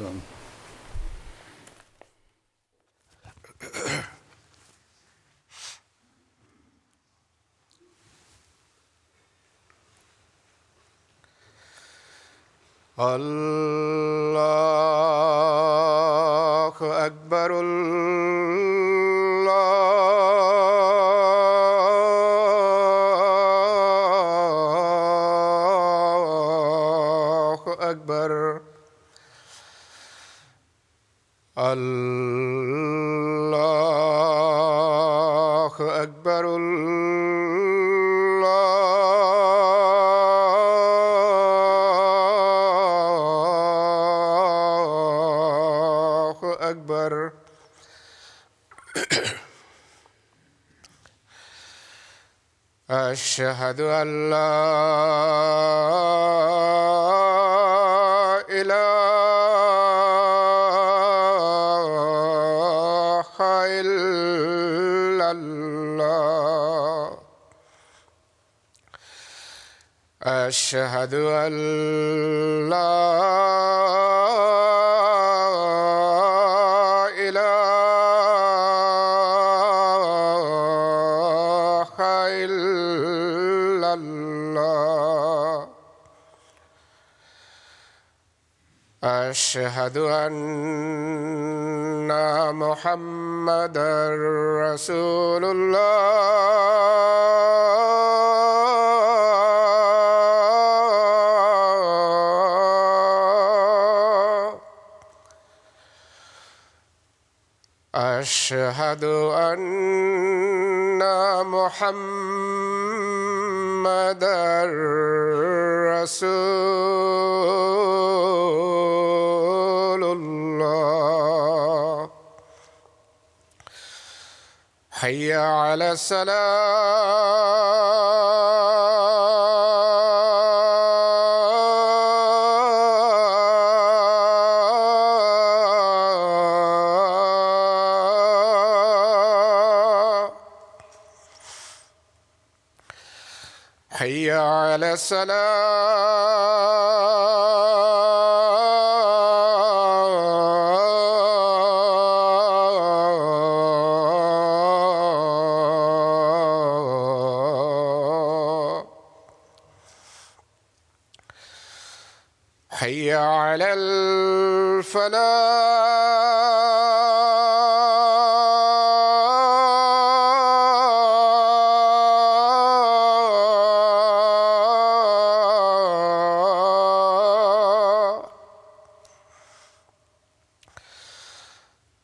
Um, Allah شہد اللہ خائل اللہ اشہد اللہ أشهد ان محمد رسول الله اشهد ان محمد رسول حي على السلام حي على السلام على الفلاح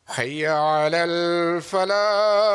حي على الفلاح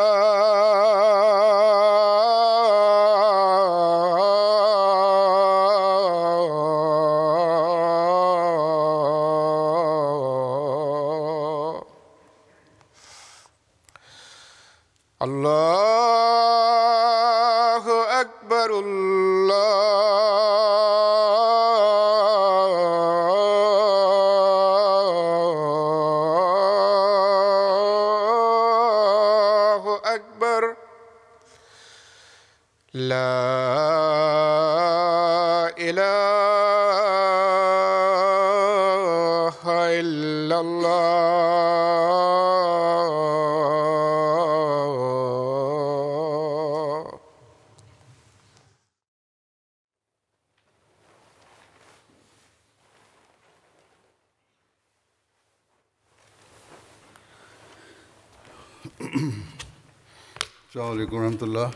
ورحمة الله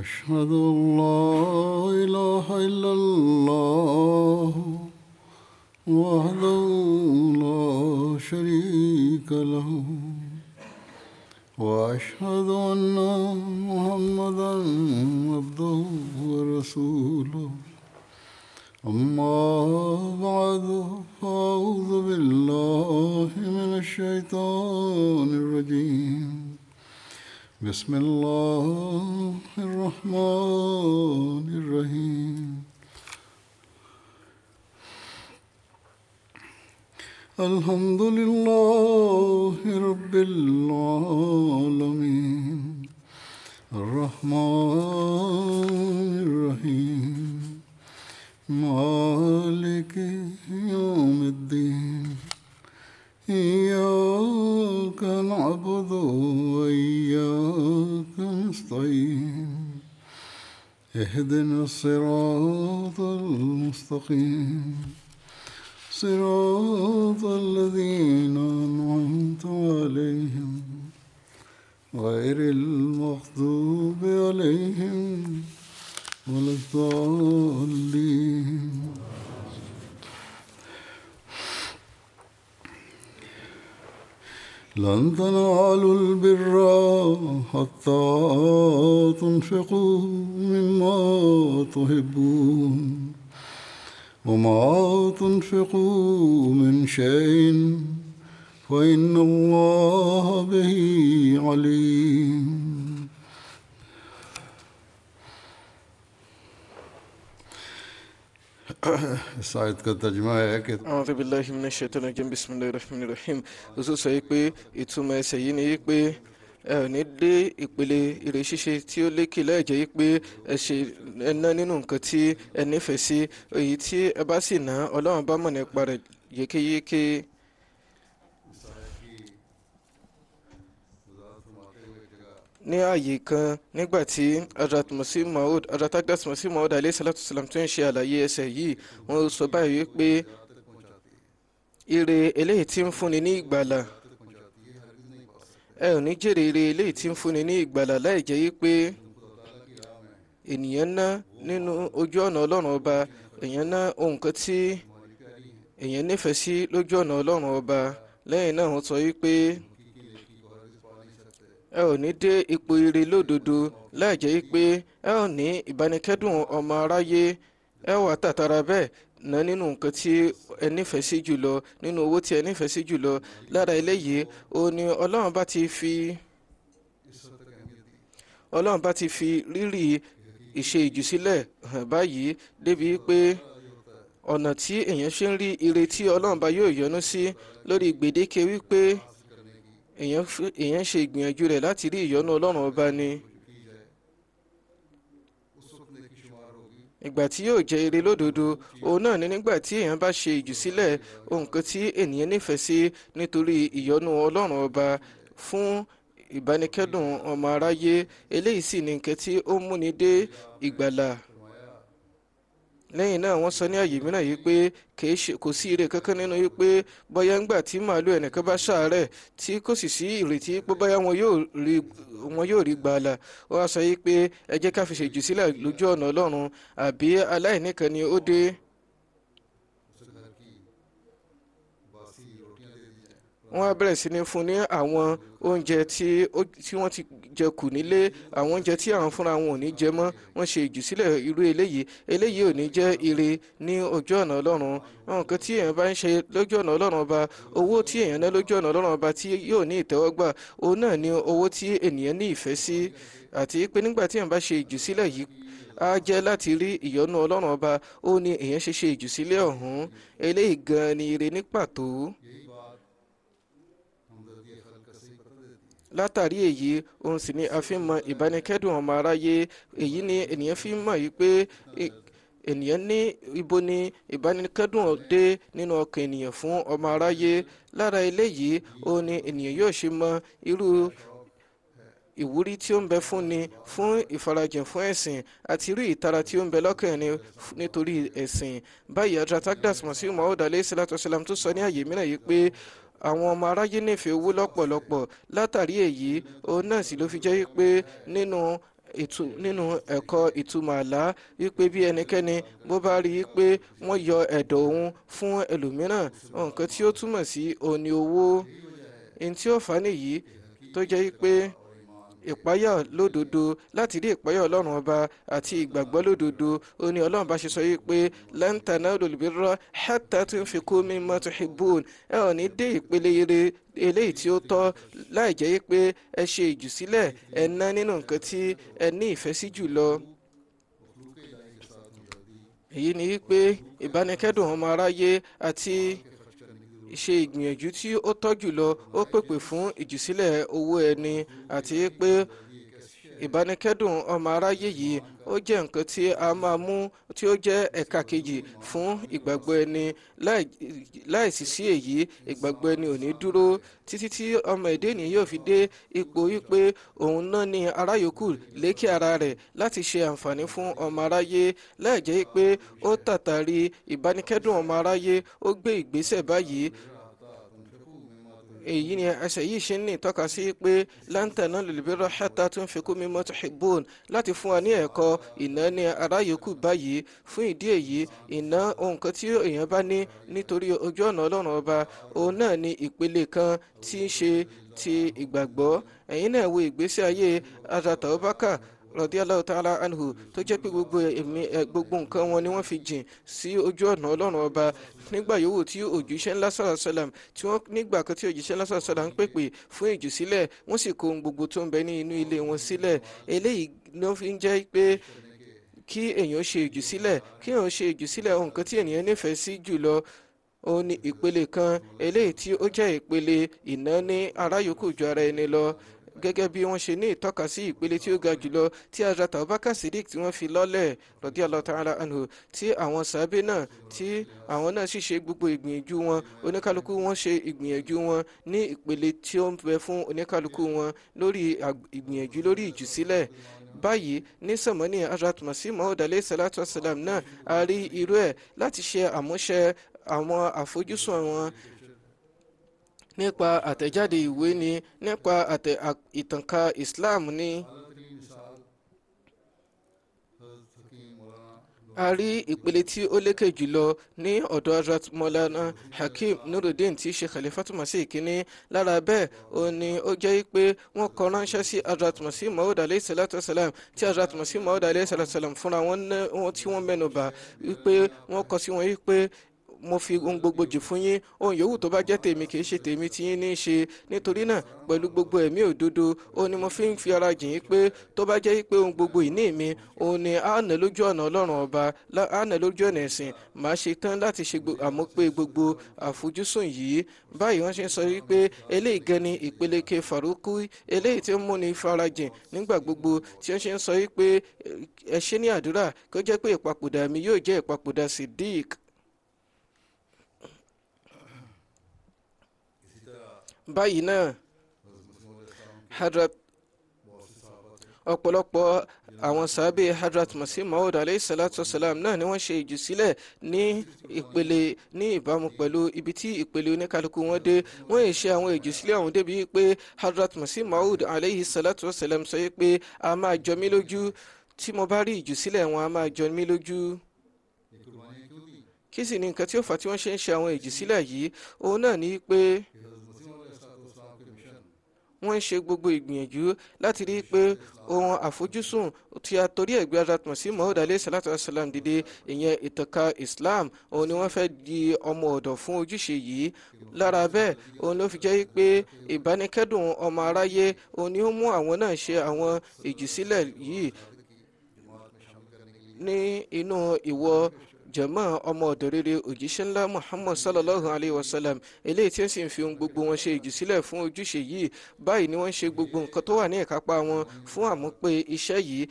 أشهد أن لا إله إلا المستقيم صراط الذين أنعمت عليهم غير المغضوب عليهم ولا الضالين لن تنالوا البر حتى تنفقوا مما تحبون وما تنفقوا من شيء فإن الله به عليم شاید کا ترجمہ ہے کہ اعوذ باللہ من الشیطان الرجیم بسم اللہ الرحمن الرحیم حضور صحیح پہ اتسو میں صحیح نہیں پہ ẹ ò ní dé ìpele ire ṣíṣe tí ó lékè láì jẹ́ pé ẹ ṣe ẹ ná nínú nǹkan tí ẹ nífẹ̀ẹ́ sí èyí tí ẹ bá sì ná ọlọ́run bá mọ̀ nípa rẹ̀ yékéyéké. ní ààyè kan nígbà tí Hazrat Masih Maud Hazrat Agdas alayhi salatu salam tó ṣe àlàyé ẹsẹ̀ yìí wọ́n sọ báyìí pé ire eléyìí tí ń fúnni ní ìgbàlà ẹ ò ní jèrè ire eléyìí tí ń fúnni ní ìgbàlà láì jẹ́ pé ènìyàn ná nínú ojú ọ̀nà ọlọ́run ọba èèyàn ná ohun kan tí èèyàn nífẹ̀ẹ́ sí lójú ọ̀nà ọlọ́run ọba lẹ́yìn náà wọ́n sọ wípé ẹ ò ní dé ipò ire lódodo láì jẹ́ pé ẹ ò ní ìbánikẹ́dùn ọmọ aráyé ẹ wà tàtàrà bẹ́ẹ̀ ná nínú nǹkan tí ẹ nífẹ̀ẹ́ sí jùlọ nínú owó tí ẹ nífẹ̀ẹ́ sí jùlọ lára eléyìí ó ní ọlọ́run bá ti fi ọlọ́run bá ti fi rírì ìṣe ìjùsílẹ̀ hàn báyìí débi pé ọ̀nà tí èèyàn ṣe ń rí ire tí ọlọ́run bá yóò yọ́nú sí lórí gbèdéke wípé èèyàn ṣe ìgbìyànjú rẹ̀ láti rí ìyọ́nú ọlọ́run ọba ni. ìgbà tí yóò jẹ́ ire lódodo òun náà ni nígbà tí èèyàn bá ṣe ìjùsílẹ̀ ohun kan tí ènìyàn nífẹ̀ẹ́ sí nítorí ìyọ́nú ọlọ́run ọba fún ìbánikẹ́dùn ọmọ aráyé eléyìí sì ni nǹkan tí ó múni dé ìgbàlà lẹ́yìn náà wọ́n sọ ní àyè mìíràn yìí pé kò sí ire kankan nínú yìí pé bóyá ńgbà tí màálù ẹnìkan bá ṣàárẹ̀ tí kò sì sí ìrètí pé bóyá wọn yóò rí wọn yóò rí gbàlà ó wá sọ yìí pé ẹ jẹ́ ká fi ṣèjù sílẹ̀ lójú ọ̀nà ọlọ́run àbí aláìní kan ni ó dé. wọ́n á bẹ̀rẹ̀ sí ní fún ní àwọn oúnjẹ tí wọ́n ti jẹ kù nílé àwọn oúnjẹ tí àwọn fúnra wọn ò ní jẹ mọ́ wọ́n ṣe ìjùsílẹ̀ irú eléyìí eléyìí ò ní jẹ́ ire ní ojú ọ̀nà ọlọ́run àwọn kan tí èèyàn bá ń ṣe lójú ọ̀nà ọlọ́run ọba owó tí èèyàn ná lójú ọ̀nà ọlọ́run ọba tí yóò ní ìtẹ́wọ́gbà òun náà ni owó tí ènìyàn ní ìfẹ́ sí àti pé nígbà tí èèyàn bá ṣe ìjùsílẹ̀ yìí á jẹ́ láti rí ìyọ́nú ọlọ́run ọba ó ní èèyàn ṣe ṣe ìjùsílẹ̀ ọ̀hún eléyìí gan-an ni ire ní pàtó látàrí èyí òun sì ni a fi mọ ìbánikẹ́dùn ọmọ aráyé èyí ni ènìyàn fi mọ̀ yìí pé ènìyàn ní ibo ni ìbánikẹ́dùn dé nínú ọkàn ènìyàn fún ọmọ aráyé lára eléyìí òun ni ènìyàn yóò ṣe mọ irú ìwúrí tí ó ń bẹ fún ni fún ìfarajìn fún ẹ̀sìn àti irú ìtara tí ó ń bẹ lọ́kàn ni nítorí ẹ̀sìn báyìí adratagdas masiu maud alayhi salatu wasalam tó sọ ní àyè mìíràn yìí pé àwọn ọmọ aráyé nífẹ̀ẹ́ owó lọ́pọ̀lọpọ̀ látàrí èyí òun náà sì ló fi jẹ́ pé nínú ètò nínú ẹ̀kọ́ ìtumọ̀ àlá wípé bí ẹnikẹ́ni bó bá rí i pé wọ́n yọ ẹ̀dọ̀ òun fún ẹlòmíràn nǹkan tí ó túmọ̀ sí òní owó ẹni tí ó fà á tó jẹ́ pé ìpáyà lódodo láti rí ìpáyà ọlọ́run ọba àti ìgbàgbọ́ lódodo ó ní ọlọ́run bá ṣe sọ yìí pé lan tanalul birra hatta tunfiqu mimma tuhibbun ẹ ò ní dé ìpele ire eléyìí tí ó tọ́ láì jẹ́ pé ẹ ṣe ìjùsílẹ̀ ẹ ná nínú nǹkan tí ẹ ní ìfẹ́ sí jùlọ èyí ni wípé ìbánikẹ́dùn ọmọ aráyé àti ṣe ìgbìyànjú tí ó tọ́ jùlọ ó pèpè fún ìjùsílẹ̀ owó ẹni àti pé ìbánikẹ́dùn ọmọ aráyé yìí ó jẹ́ nǹkan tí a máa mú tí ó jẹ́ ẹ̀ka kejì fún ìgbàgbọ́ ẹni láìsí sí èyí ìgbàgbọ́ ẹni ò ní dúró títí tí ọmọ èdè ènìyàn yóò fi dé ipò wípé òun náà ni ará lékè ara rẹ̀ láti ṣe àǹfààní fún ọmọ aráyé láì pé ó tàtàrí ìbánikẹ́dùn ọmọ aráyé ó gbé ìgbésẹ̀ báyìí èyí ni ẹsẹ̀ yìí ṣe ń ní ìtọ́ka sí pé lantana lèlébẹ́rọ hẹ́ta tó ń fi kú mímọ́ tó ṣègbón láti fún wa ní ẹ̀kọ́ ìná ní aráyòkú báyìí fún ìdí èyí ìná nǹkan tí èèyàn bá ní nítorí ojú ọ̀nà ọlọ́run ọba òun náà ni ìpele kan tí ń ṣe ti ìgbàgbọ́ ẹ̀yin náà wo ìgbésí ayé azatọ̀ radiyallahu ta'ala anhu tó jẹ́ pé gbogbo ẹ̀mí gbogbo nǹkan wọn ni wọ́n fi jìn sí ojú ọ̀nà ọlọ́run ọba nígbà yòówù tí òjíṣẹ́ ńlá sàlá sàlám tí wọ́n nígbà kan tí òjíṣẹ́ ńlá sàlá sàlám ń pèpè fún ìjù sílẹ̀ wọ́n sì kó ohun gbogbo tó ń bẹ ní inú ilé wọn sílẹ̀ eléyìí ló fi ń jẹ́ pé kí èèyàn ṣe ìjù sílẹ̀ kí èèyàn ṣe ìjù sílẹ̀ ohun tí ènìyàn nífẹ̀ẹ́ sí jùlọ ó ní ìpele kan eléyìí tí ó jẹ́ ìpele ìnáni aráyòkú ju ara ẹni lọ gẹ́gẹ́ bí wọ́n ṣe ní ìtọ́ka sí ìpele tí ó ga jùlọ tí Hazrat Abubakar Siddiq tí wọ́n fi lọ́lẹ̀ radiyallahu ta'ala anhu tí àwọn sàábé náà tí àwọn náà sì ṣe gbogbo ìgbìyànjú wọn oníkálukú wọn ṣe ìgbìyànjú wọn ní ìpele tí ó ń bẹ fún oníkálukú wọn lórí ìgbìyànjú lórí ìjùsílẹ̀ báyìí ní sọmọ́nì Hazrat Masih Maud alayhi salatu wasalam náà a rí irú ẹ̀ láti ṣe àmúṣe àwọn àfojúsùn wọn nípa àtẹ̀jáde ìwé ni nípa ìtànká Islam ni. a rí ìpele tí ó lékè jùlọ ní ọ̀dọ̀ Hazrat Maulana Hakim Nuruddin tí í ṣe Khalifatul Masih kínní lára bẹ́ẹ̀ ó ní ó jẹ́ pé wọ́n kọ ránṣẹ́ sí Hazrat Masih Maud alayhi salatu salam tí Hazrat Masih Maud alayhi salatu salam fúnra wọn tí wọ́n mẹ́nu bà wípé wọ́n kọ sí wọn wípé mo fi ohun gbogbo jù fún yín ohun yòówù tó bá jẹ́ tèmi kì í ṣe tèmi tí yín ní í ṣe nítorí náà pẹ̀lú gbogbo ẹ̀mí òdodo ó ní mo fi ń fi ara jìn yín pé tó bá jẹ́ pé ohun gbogbo ìní mi òun ni a nà lójú ọ̀nà ọlọ́run ọba a nà lójú ọ̀nà ẹ̀sìn màá ṣe tán láti ṣe àmọ́pé gbogbo àfojúsùn yìí báyìí wọ́n ṣe sọ wípé eléyìí gan ni ìpeleke faruku eléyìí tí ó múni farajìn nígbà gbogbo tí wọ́n ṣe ń sọ wípé ẹ ṣe ní àdúrà kó jẹ́ pé ìpapòdà mi yóò jẹ́ ìpapòdà Siddiq báyìí náà hadrat ọ̀pọ̀lọpọ̀ àwọn sábẹ́ hadrat masih maud aleyhisalatu salam náà ni wọ́n ṣe ìjùsílẹ̀ ní ìpele ní ìbámu pẹ̀lú ibi tí ìpele oníkálukú wọn dé wọ́n yìí ṣe àwọn ìjùsílẹ̀ ọ̀hún débi pé hadrat masih maud aleyhisalatu salam sọ pé a máa jọ mí lójú tí mo bá rí ìjùsílẹ̀ wọn a máa jọ mí lójú kí sì ni nǹkan tí ó fà tí wọ́n ṣe ń ṣe àwọn ìjùsílẹ̀ yìí òun náà ni pé wọ́n ń ṣe gbogbo ìgbìyànjú láti rí i pé ohun àfojúsùn tí a torí ẹ̀gbẹ́ aratmọ̀ sí Maud alayhi salatu wasalam dìde ìyẹn ìtànká Islam òun ni wọ́n fẹ́ di ọmọ ọ̀dọ̀ fún ojúṣe yìí lára bẹ́ẹ̀ òun ló fi jẹ́ pé ìbánikẹ́dùn ọmọ aráyé òun ni ó mú àwọn náà ṣe àwọn ìjùsílẹ̀ yìí ní inú ìwọ jọ̀mọ́ ọmọ ọ̀dọ̀ rere òjíṣẹ́ ńlá muhammad sallallahu alayhi wa sallam eléyìí tí ó sì ń fi ohun gbogbo wọn ṣe ìjùsílẹ̀ fún ojúṣe yìí báyìí ni wọ́n ń ṣe gbogbo nǹkan tó wà ní ìkápá wọn fún àmúpé iṣẹ́ yìí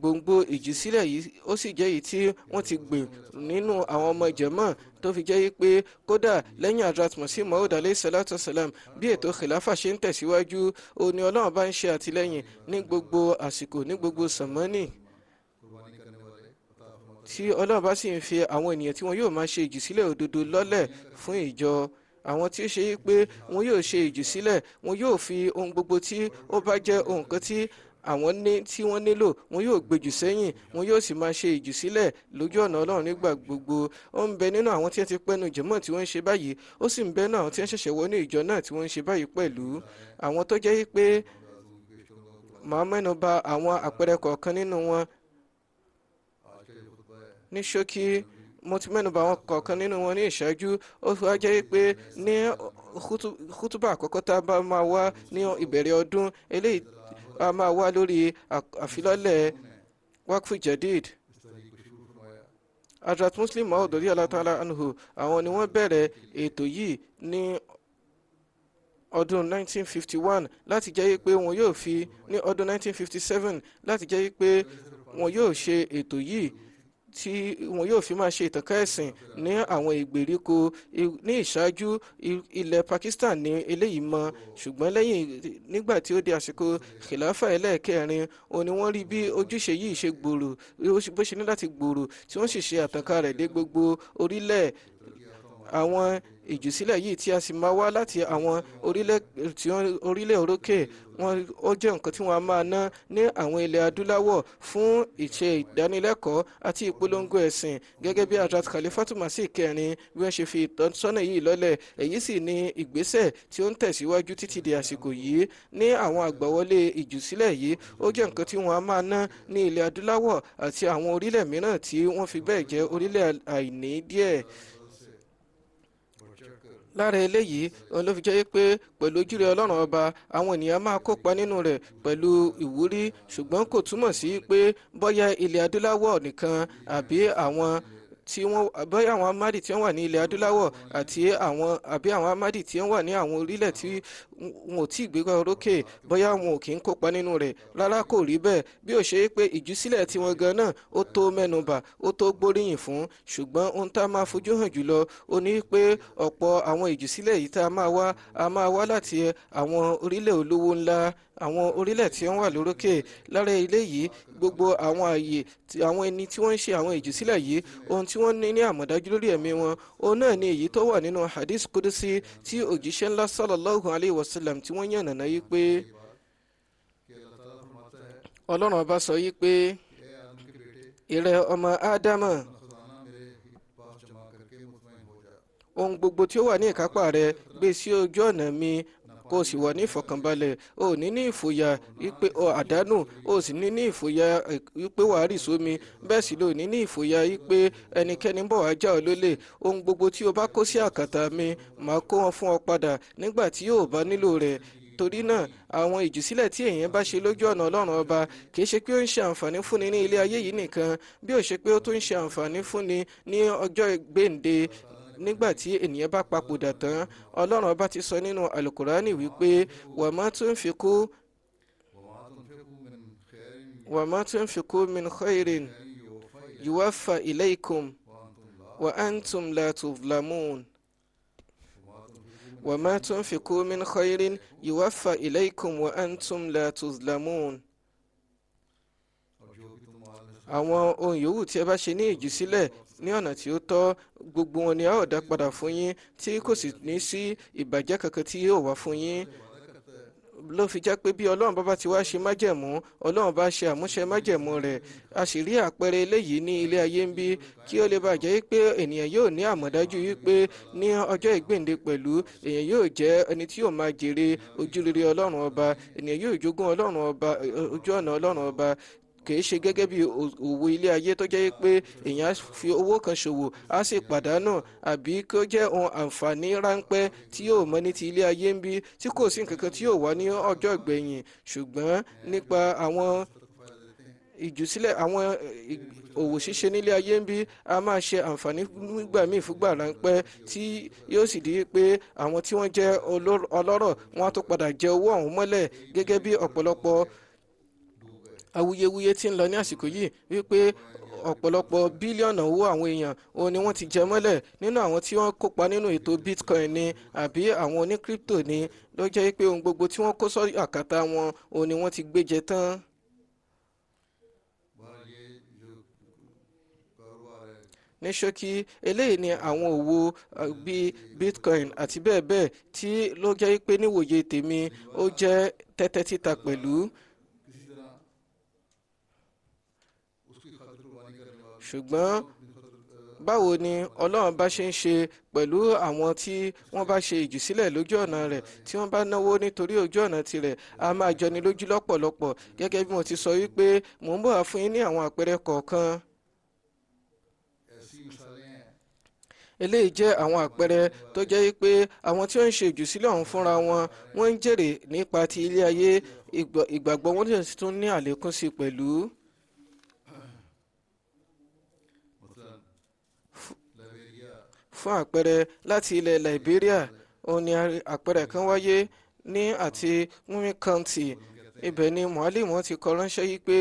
gbòǹgbò ìjùsílẹ̀ yìí ó sì jẹ́ èyí tí wọ́n ti gbìn nínú àwọn ọmọ jẹ̀mọ́ tó fi jẹ́ pé kódà lẹ́yìn adrat mọ̀sí maud aleyhisalatu salam bí ètò khilafa ṣe ń tẹ̀síwájú ó ní ọlọ́run bá ń ṣe àtìlẹ́yìn ní gbogbo àsìkò ní gbogbo sàmánì tí ọlọ́run bá sì ń fi àwọn ènìyàn tí wọn yóò máa ṣe ìjìsílẹ̀ òdodo lọ́lẹ̀ fún ìjọ àwọn tí ó ṣe é pé wọn yóò ṣe ìjìsílẹ̀ wọn yóò fi ohun gbogbo tí ó bá jẹ́ ohun kan tí àwọn ní tí wọ́n nílò wọn yóò gbèjù sẹ́yìn wọn yóò sì máa ṣe ìjùsílẹ̀ lójú ọ̀nà ọlọ́run nígbà gbogbo ó ń bẹ nínú àwọn tí wọ́n ti pẹ́nu jẹ̀mọ́ tí wọ́n ń ṣe báyìí ó sì ń bẹ nínú àwọn tí wọ́n ṣẹ̀ṣẹ̀ wọnú ìjọ náà tí wọ́n ń ṣe báyìí pẹ̀lú àwọn tó jẹ́ pé màá mẹ́nu bà àwọn àpẹẹrẹ kọ̀ọ̀kan nínú wọn ní ṣókí mo ti mẹ́nuba àwọn kọ̀ọ̀kan nínú wọn ní ìṣáájú ó fi wá jẹ́ pé ní kútùbà àkọ́kọ́ tá a bá máa wá ní ìbẹ̀rẹ̀ ọdún eléyìí a máa wá lórí àfilọ́lẹ̀ wakfu jadid adrat muslim maud orí alatala àwọn ni wọ́n bẹ̀rẹ̀ ètò yìí ní ọdún 1951 láti jẹ́ pé wọn yóò fi ní ọdún 1957 láti jẹ́ pé wọn yóò ṣe ètò yìí tí wọn yóò fi máa ṣe ìtànká ẹ̀sìn ní àwọn ìgbèríko ní ìṣáájú ilẹ̀ Pakistan ní eléyìí mọ́ ṣùgbọ́n lẹ́yìn nígbà tí ó di àsìkò kìláfà ẹlẹ́ẹ̀kẹrin òun ni wọ́n rí bí ojúṣe yìí ṣe gbòòrò bó ṣe ní láti gbòòrò tí wọ́n sì ṣe àtànká rẹ̀ dé gbogbo orílẹ̀ àwọn ìjùsílẹ̀ yìí tí a sì máa wá láti àwọn orílẹ̀ òrókè wọn ó jẹ́ nǹkan tí wọ́n á máa ná ní àwọn ilẹ̀ adúláwọ̀ fún ìṣe ìdánilẹ́kọ̀ọ́ àti ìpolongo ẹ̀sìn gẹ́gẹ́ bí Hazrat Khalifatu Masih kẹrin bí wọ́n ṣe fi ìtọ́sọ́nà yìí lọ́lẹ̀ èyí sì ni ìgbésẹ̀ tí ó ń tẹ̀síwájú títí di àsìkò yìí ní àwọn àgbàwọlé ìjùsílẹ̀ yìí ó jẹ́ nǹkan tí wọ́n á máa ná ní ilẹ̀ adúláwọ̀ àti àwọn orílẹ̀ mìíràn tí wọ́n fi bẹ́ẹ̀ jẹ́ orílẹ̀ àìní díẹ̀ lára eléyìí òun ló fi jẹ́ pé pẹ̀lú ojúre ọlọ́run ọba àwọn ènìyàn máa kópa nínú rẹ̀ pẹ̀lú ìwúrí ṣùgbọ́n kò túmọ̀ sí pé bóyá ilẹ̀ adúláwọ̀ nìkan àbí àwọn tí wọ́n bóyá àwọn amadi tí wọ́n wà ní ilẹ̀ adúláwọ̀ àti àwọn àbí àwọn amadi tí wọ́n wà ní àwọn orílẹ̀ tí wọn ò tí ì gbégbá orókè bóyá wọn ò kí ń kópa nínú rẹ̀ rárá kò rí bẹ́ẹ̀ bí ó ṣe é pé ìjúsílẹ̀ tiwọn gan náà ó tó mẹ́nubà ó tó gbóríyìn fún ṣùgbọ́n ohun tá a máa fojú hàn jùlọ ó ní pé ọ̀pọ̀ àwọn ìjúsílẹ̀ yìí tá a máa wá a máa wá láti àwọn orílẹ̀ olówó ńlá àwọn orílẹ̀ tí wọ́n wà lórókè lára ilé yìí gbogbo àwọn ààyè àwọn ẹni tí wọ́n ń ṣe àwọn ìjúsílẹ̀ yìí ohun tí wọ́n ní ní àmọ̀dájú lórí ẹ̀mí wọn òun náà ni èyí tó wà nínú hadith kudusi tí òjíṣẹ́ ńlá sallallahu alaihi wa wasallam tí wọ́n yànnàná yí pé ọlọ́run ọba sọ yí pé ìrẹ ọmọ ádámà ohun gbogbo tí ó wà ní ìkápá rẹ gbé sí ojú ọ̀nà mi kó o sì wà ní ìfọ̀kànbalẹ̀ o ò ní ní ìfòyà wípé o àdánù o sì ní ní ìfòyà e, wípé wàá rì sómi bẹ́ẹ̀ sì ló ní ní ìfòyà wípé ẹnikẹ́ni bọ̀ wá já ọ lólè ohun gbogbo tí o bá kó sí àkàtà mi màá kó wọn fún ọ padà nígbà tí yóò bá nílò rẹ̀ torí náà àwọn ìjùsílẹ̀ tí èèyàn bá ṣe lójú ọ̀nà ọlọ́run ọba kì í ṣe pé ó ń ṣe àǹfààní fúnni ní ilé ayé yìí nìkan bí ó ṣe pé ó tún ń ṣe àǹfààní fúnni ní ọjọ́ gbèǹde nígbà tí ènìyàn bá papòdà tán ọlọ́run ọba ti sọ nínú alukurani wípé wa ma tunfiqu wa ma tunfiqu min khairin yuwaffa ilaykum wa antum la tuzlamun wa ma tunfiqu min khairin yuwaffa ilaykum wa antum la tuzlamun àwọn ohun yòówù tí ẹ bá ṣe ní ìjù sílẹ̀ ní ọ̀nà tí ó tọ́ gbogbo wọn ni a ó dá padà fún yín tí kò sì ní sí ìbàjẹ́ kankan tí yóò wá fún yín ló fi jẹ́ pé bí ọlọ́run bá bá ti wá ṣe májẹ̀mú ọlọ́run bá ṣe àmúṣe májẹ̀mú rẹ̀ a sì rí àpẹẹrẹ eléyìí ní ilé ayé ń bí kí ó lè bá jẹ́ pé ènìyàn yóò ní àmọ̀dájú wípé ní ọjọ́ ìgbéǹde pẹ̀lú èèyàn yóò jẹ́ ẹni tí yóò máa jèrè ojúrere ọlọ́run ọba ènìyàn yóò jogún ọlọ́run ọba ojú ọ̀nà ọlọ́run ọba kìí ṣe gẹ́gẹ́ bí òwò ilé ayé tó jẹ́ pé èèyàn fi owó kan ṣòwò á sì pàdánù àbí kó jẹ́ ohun àǹfààní ráńpẹ́ tí yóò mọ ní ti ilé ayé ń bí tí kò sí nǹkan kan tí yóò wá ní ọjọ́ ìgbẹ̀yìn ṣùgbọ́n nípa àwọn ìjùsílẹ̀ àwọn òwò ṣíṣe nílé ayé ń bí a máa ṣe àǹfààní nígbà míì fúgbà ráńpẹ́ tí yóò sì di pé àwọn tí wọ́n jẹ́ ọlọ́rọ̀ wọn á tó padà jẹ owó ọ̀hún mọ́lẹ̀ gẹ́gẹ́ bí ọ̀pọ̀lọpọ̀ awuyewuye tí ń lọ ní àsìkò yìí wípé ọ̀pọ̀lọpọ̀ bílíọ̀nù owó àwọn èèyàn òun ni wọ́n ti jẹ mọ́lẹ̀ nínú àwọn tí wọ́n kópa nínú ètò bitcoin ni àbí àwọn oní crypto ni ló jẹ́ pé ohun gbogbo tí wọ́n kó sórí àkàtà wọn òun ni wọ́n ti gbé jẹ tán. ní ṣókí eléyìí ni àwọn òwò bíi bitcoin àti bẹ́ẹ̀ bẹ́ẹ̀ tí ló jẹ́ pé níwòye tèmi ó jẹ́ tẹ́tẹ́ títa pẹ̀lú. ṣùgbọ́n báwo ni ọlọ́run bá ṣe ń ṣe pẹ̀lú àwọn tí wọ́n bá ṣe ìjùsílẹ̀ lójú ọ̀nà rẹ̀ tí wọ́n bá náwó nítorí ojú ọ̀nà tirẹ̀ a máa jọni lójú lọ́pọ̀lọpọ̀ gẹ́gẹ́ bí mo ti sọ wípé mò ń bọ̀ wá fún yín ní àwọn àpẹẹrẹ kọ̀ọ̀kan. eléyìí jẹ́ àwọn àpẹẹrẹ tó jẹ́ wípé àwọn tí wọ́n ń ṣe ìjùsílẹ̀ ọ̀hún fúnra wọn wọ́n ń jèrè nípa ti ilé ayé ìgbàgbọ́ wọn tún ní àlékún sí pẹ̀lú. fún àpẹẹrẹ láti ilẹ̀ Liberia òun ni àpẹẹrẹ kan wáyé ní àti Wumi County ibẹ̀ ni Mualim ti kọ ránṣẹ́ yìí pé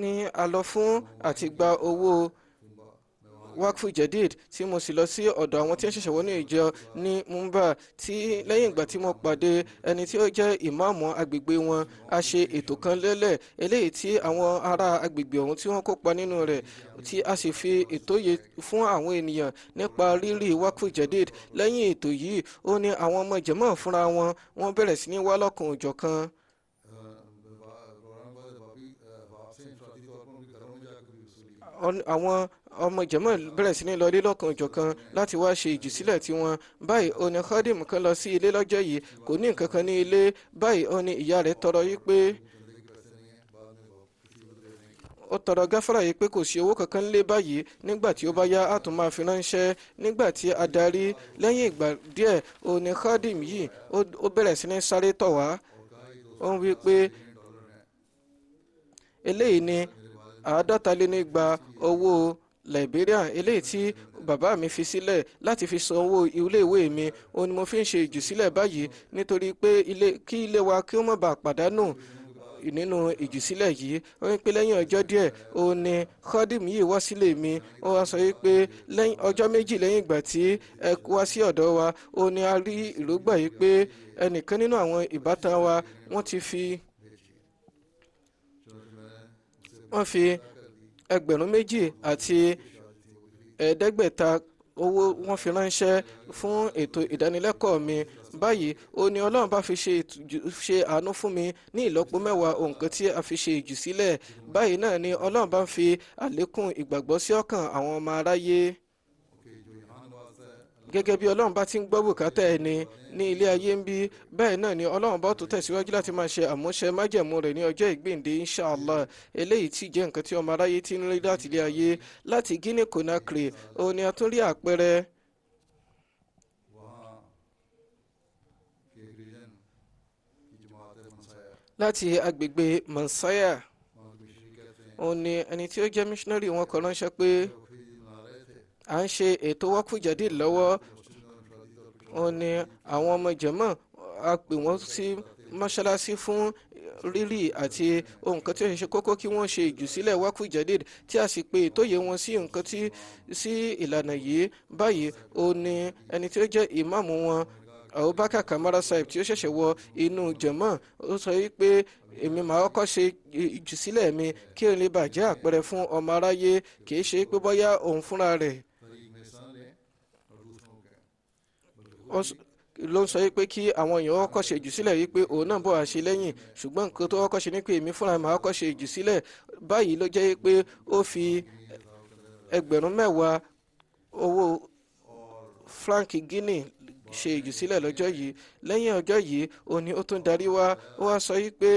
ní a lọ fún àti gba owó wákfù jadid tí mo sì lọ sí ọ̀dọ̀ àwọn tí ń ṣẹ̀ṣẹ̀ wọnú ìjọ ní mumba tí lẹ́yìn ìgbà tí mo pàdé ẹni tí ó jẹ́ ìmáàmù agbègbè wọn a ṣe ètò kan lélẹ̀ eléyìí tí àwọn ará agbègbè ọ̀hún tí wọ́n kópa nínú rẹ̀ tí a sì fi ètò yìí fún àwọn ènìyàn nípa rírì wákfù jadid lẹ́yìn ètò yìí ó ní àwọn ọmọ jẹ̀mọ́ fúnra wọn wọ́n bẹ̀rẹ̀ sí ní wá lọ́kùn òjọ̀kan àwọn ọmọ jẹ̀mọ́ bẹ̀rẹ̀ sí ní lọ ilé lọ́kan òjọ̀kan láti wá ṣe ìjùsílẹ̀ tiwọn báyìí ó ní khadim kan lọ sí ilé lọ́jọ́ yìí kò ní nǹkan kan ní ilé báyìí ó ní ìyá rẹ̀ tọrọ yìí pé ó tọrọ gáfárà yìí pé kò sí owó kankan lé báyìí nígbà tí ó bá yá a tún nígbà tí adarí lẹ́yìn ìgbà díẹ̀ ó khadim yìí ó bẹ̀rẹ̀ sí ní sáré tọ̀ wá ó ń wí pé eléyìí ni àádọ́ta lé nígba owó Liberia eléyìí tí bàbá mi fi sílẹ̀ láti fi san owó iléèwé mi òun ni mo fi ń ṣe ìjùsílẹ̀ báyìí nítorí pé kí ilé wa kí ó má bàa pàdánù nínú ìjùsílẹ̀ yìí ó ní pé lẹ́yìn ọjọ́ díẹ̀ ó ní khadim yìí wá sílé mi ó wá sọ wípé lẹ́yìn ọjọ́ méjì lẹ́yìn ìgbà tí ẹ wá sí ọ̀dọ̀ wa ó ní a rí ìrógbà yìí pé ẹnìkan nínú àwọn ìbátan wa wọ́n ti fi wọ́n fi ẹgbẹ̀rún méjì àti ẹ̀ẹ́dẹ́gbẹ̀ta owó wọ́n fi ránṣẹ́ fún ètò ìdánilẹ́kọ̀ọ́ mi báyìí ó ní ọlọ́run bá fi ṣe àánú fún mi ní ìlọ́po mẹ́wàá òǹkan tí a fi ṣe ìjù sílẹ̀ báyìí náà ni ọlọ́run bá fi àlékún ìgbàgbọ́ sí ọkàn àwọn ọmọ aráyé gẹ́gẹ́ bí ọlọ́run bá ti ń gbọ́ bùkátà ẹni ní ilé ayé ń bí bẹ́ẹ̀ náà ni ọlọ́run bá tó tẹ̀síwájú láti máa ṣe àmúṣe májẹ̀mú rẹ̀ ní ọjọ́ ìgbìndé inshàlá eléyìí tí jẹ́ nǹkan tí ọmọ aráyé ti ń rí láti ilé ayé láti Guinea Conakry òun ni a tún rí àpẹẹrẹ láti agbègbè Mansaya òun ni ẹni tí ó jẹ́ missionary wọn kọ ránṣẹ́ pé à ń ṣe ètò wákù jáde lọ́wọ́ wọn ni àwọn ọmọ jẹ̀mọ́ a pè wọ́n sí mọ́ṣáláṣí fún rírì àti ohun kan tí ó ṣe kókó kí wọ́n ṣe ìjùsílẹ̀ wákù tí a sì pe ìtòyè wọn sí nǹkan tí sí ìlànà yìí báyìí ó ní ẹni tí ó jẹ́ ìmáàmù wọn Abubakar Kamara Saib tí ó ṣẹ̀ṣẹ̀ wọ inú jẹ̀mọ́ ó sọ wípé èmi màá kọ́ ṣe ìjùsílẹ̀ mi kí n lè bàjẹ́ àpẹẹrẹ fún ọmọ aráyé kì í ṣe pé bóyá òun fúnra rẹ̀ ló ń sọ pé kí àwọn èèyàn ọkọ̀ ṣe ìjùsílẹ̀ wípé òun náà bọ̀ àṣẹ lẹ́yìn ṣùgbọ́n nǹkan tó ọkọ̀ ṣe ni pé èmi fúnra mi ọkọ̀ ìjùsílẹ̀ báyìí ló jẹ́ pé ó fi ẹgbẹ̀rún mẹ́wàá owó franc guinea ṣe ìjùsílẹ̀ lọ́jọ́ yìí lẹ́yìn ọjọ́ yìí òní ó tún darí wá ó wá sọ wípé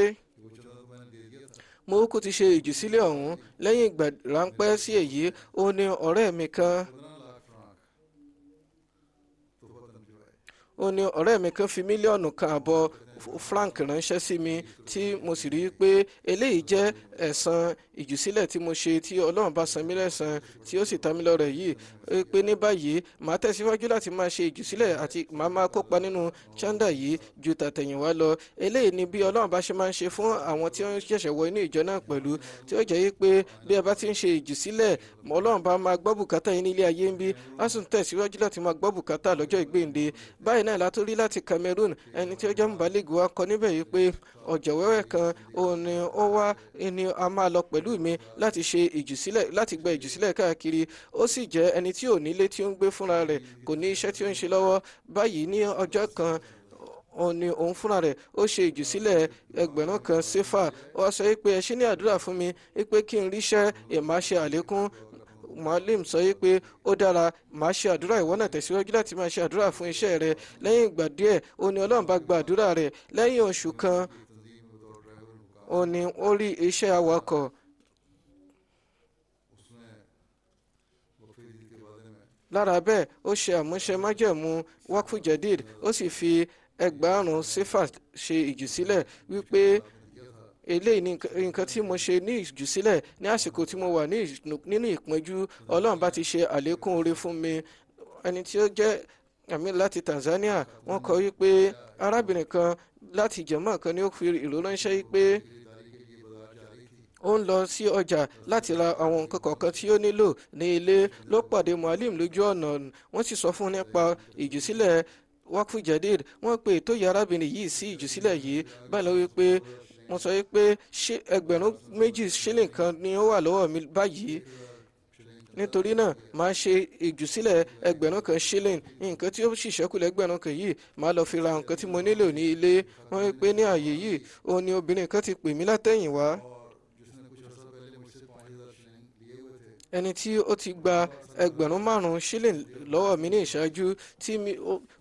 mo kú ti ṣe ìjùsílẹ̀ ọ̀hún lẹ́yìn ìgbà ráńpẹ́ sí èyí ó ní ọ̀rẹ́ mi kan. ó ní ọ̀rẹ́ mi kan fi mílíọ̀nù kan àbọ̀ Frank ránṣẹ́ sí mi tí mo sì rí i pé eléyìí jẹ́ ẹ̀san ìjùsílẹ̀ tí mo ṣe tí Ọlọ́run bá san mí lẹ́san tí ó sì ta mí lọ́rẹ yìí pé ní báyìí màá tẹ̀síwájú láti máa ṣe ìjùsílẹ̀ àti màá máa kópa nínú chanda yìí ju tàtẹ̀yìnwá lọ eléyìí ni bí Ọlọ́run bá ṣe máa ń ṣe fún àwọn tí ó ń ṣẹ̀ṣẹ̀ wọ inú ìjọ náà pẹ̀lú tí ó jẹ́ yìí pé bí ẹ bá ti ń ṣe ìjùsílẹ̀ Ọlọ́run bá máa gbọ́ bùkátà yín nílé ayé ń bí á sì tẹ̀síwájú láti máa gbọ́ bùkátà lọ́jọ́ ìgbéǹde báyìí náà látó láti Cameroon ẹni tí ó jẹ́ mùbálẹ́g colleague wa kọ níbẹ̀ yìí pé ọ̀jẹ̀ wẹ́wẹ́ kan òun ni ó wá ni a máa lọ pẹ̀lú mi láti ṣe ìjùsílẹ̀ láti gba ìjùsílẹ̀ káàkiri ó sì jẹ́ ẹni tí ò nílé tí ó ń gbé fúnra rẹ̀ kò ní iṣẹ́ tí ó ń ṣe lọ́wọ́ báyìí ní ọjọ́ kan òun ni òun fúnra rẹ̀ ó ṣe ìjùsílẹ̀ ẹgbẹ̀rún kan sífà ó sọ pé ẹ ṣe ní àdúrà fún mi pé kí n ríṣẹ́ ìmáṣe àlékún mualim sọ yìí pé ó dára màá ṣe àdúrà ìwọ náà tẹ̀síwájú láti máa ṣe àdúrà fún iṣẹ́ rẹ lẹ́yìn ìgbà díẹ̀ ó ní ọlọ́run bá gba àdúrà rẹ lẹ́yìn oṣù kan ó ní ó rí iṣẹ́ awakọ̀ lára bẹ́ẹ̀ ó ṣe àmúṣe májẹ̀mú wákùjẹ́dìd ó sì fi ẹgbàárùn sífà ṣe ìjùsílẹ̀ wípé eléyìí ni nǹkan tí mo ṣe ní ìjùsílẹ̀ ní àsìkò tí mo wà nínú ìpọ́njú ọlọ́run bá ti ṣe àlékún oore fún mi ẹni tí ó jẹ́ àmì láti Tanzania wọ́n kọ wípé arábìnrin kan láti jẹ̀mọ́ kan ni ó fi ìròránṣẹ́ wípé ó ń lọ sí ọjà láti ra àwọn nǹkan kọ̀ọ̀kan tí ó nílò ní ilé ló pàdé mualim lójú ọ̀nà wọ́n sì sọ fún un nípa ìjùsílẹ̀ wakfu jadid wọ́n pe ètò yìí arábìnrin yìí sí ìjùsílẹ̀ yìí báyìí ló wí wọ́n sọ pé ẹgbẹ̀rún méjì ṣílìn kan ni ó wà lọ́wọ́ mi báyìí nítorí náà máa ṣe ìjùsílẹ̀ ẹgbẹ̀rún kan shilling nǹkan tí ó sì ṣẹ́kù lẹ́gbẹ̀rún kan yìí máa lọ fi ra nǹkan tí mo nílò ní ilé wọ́n pé ní àyè yìí òun ni obìnrin kan ti pè mí látẹ̀yìnwá. ẹni tí ó ti gba ẹgbẹ̀rún márùn-ún ṣílìn lọ́wọ́ mi ní ìṣáájú tí mi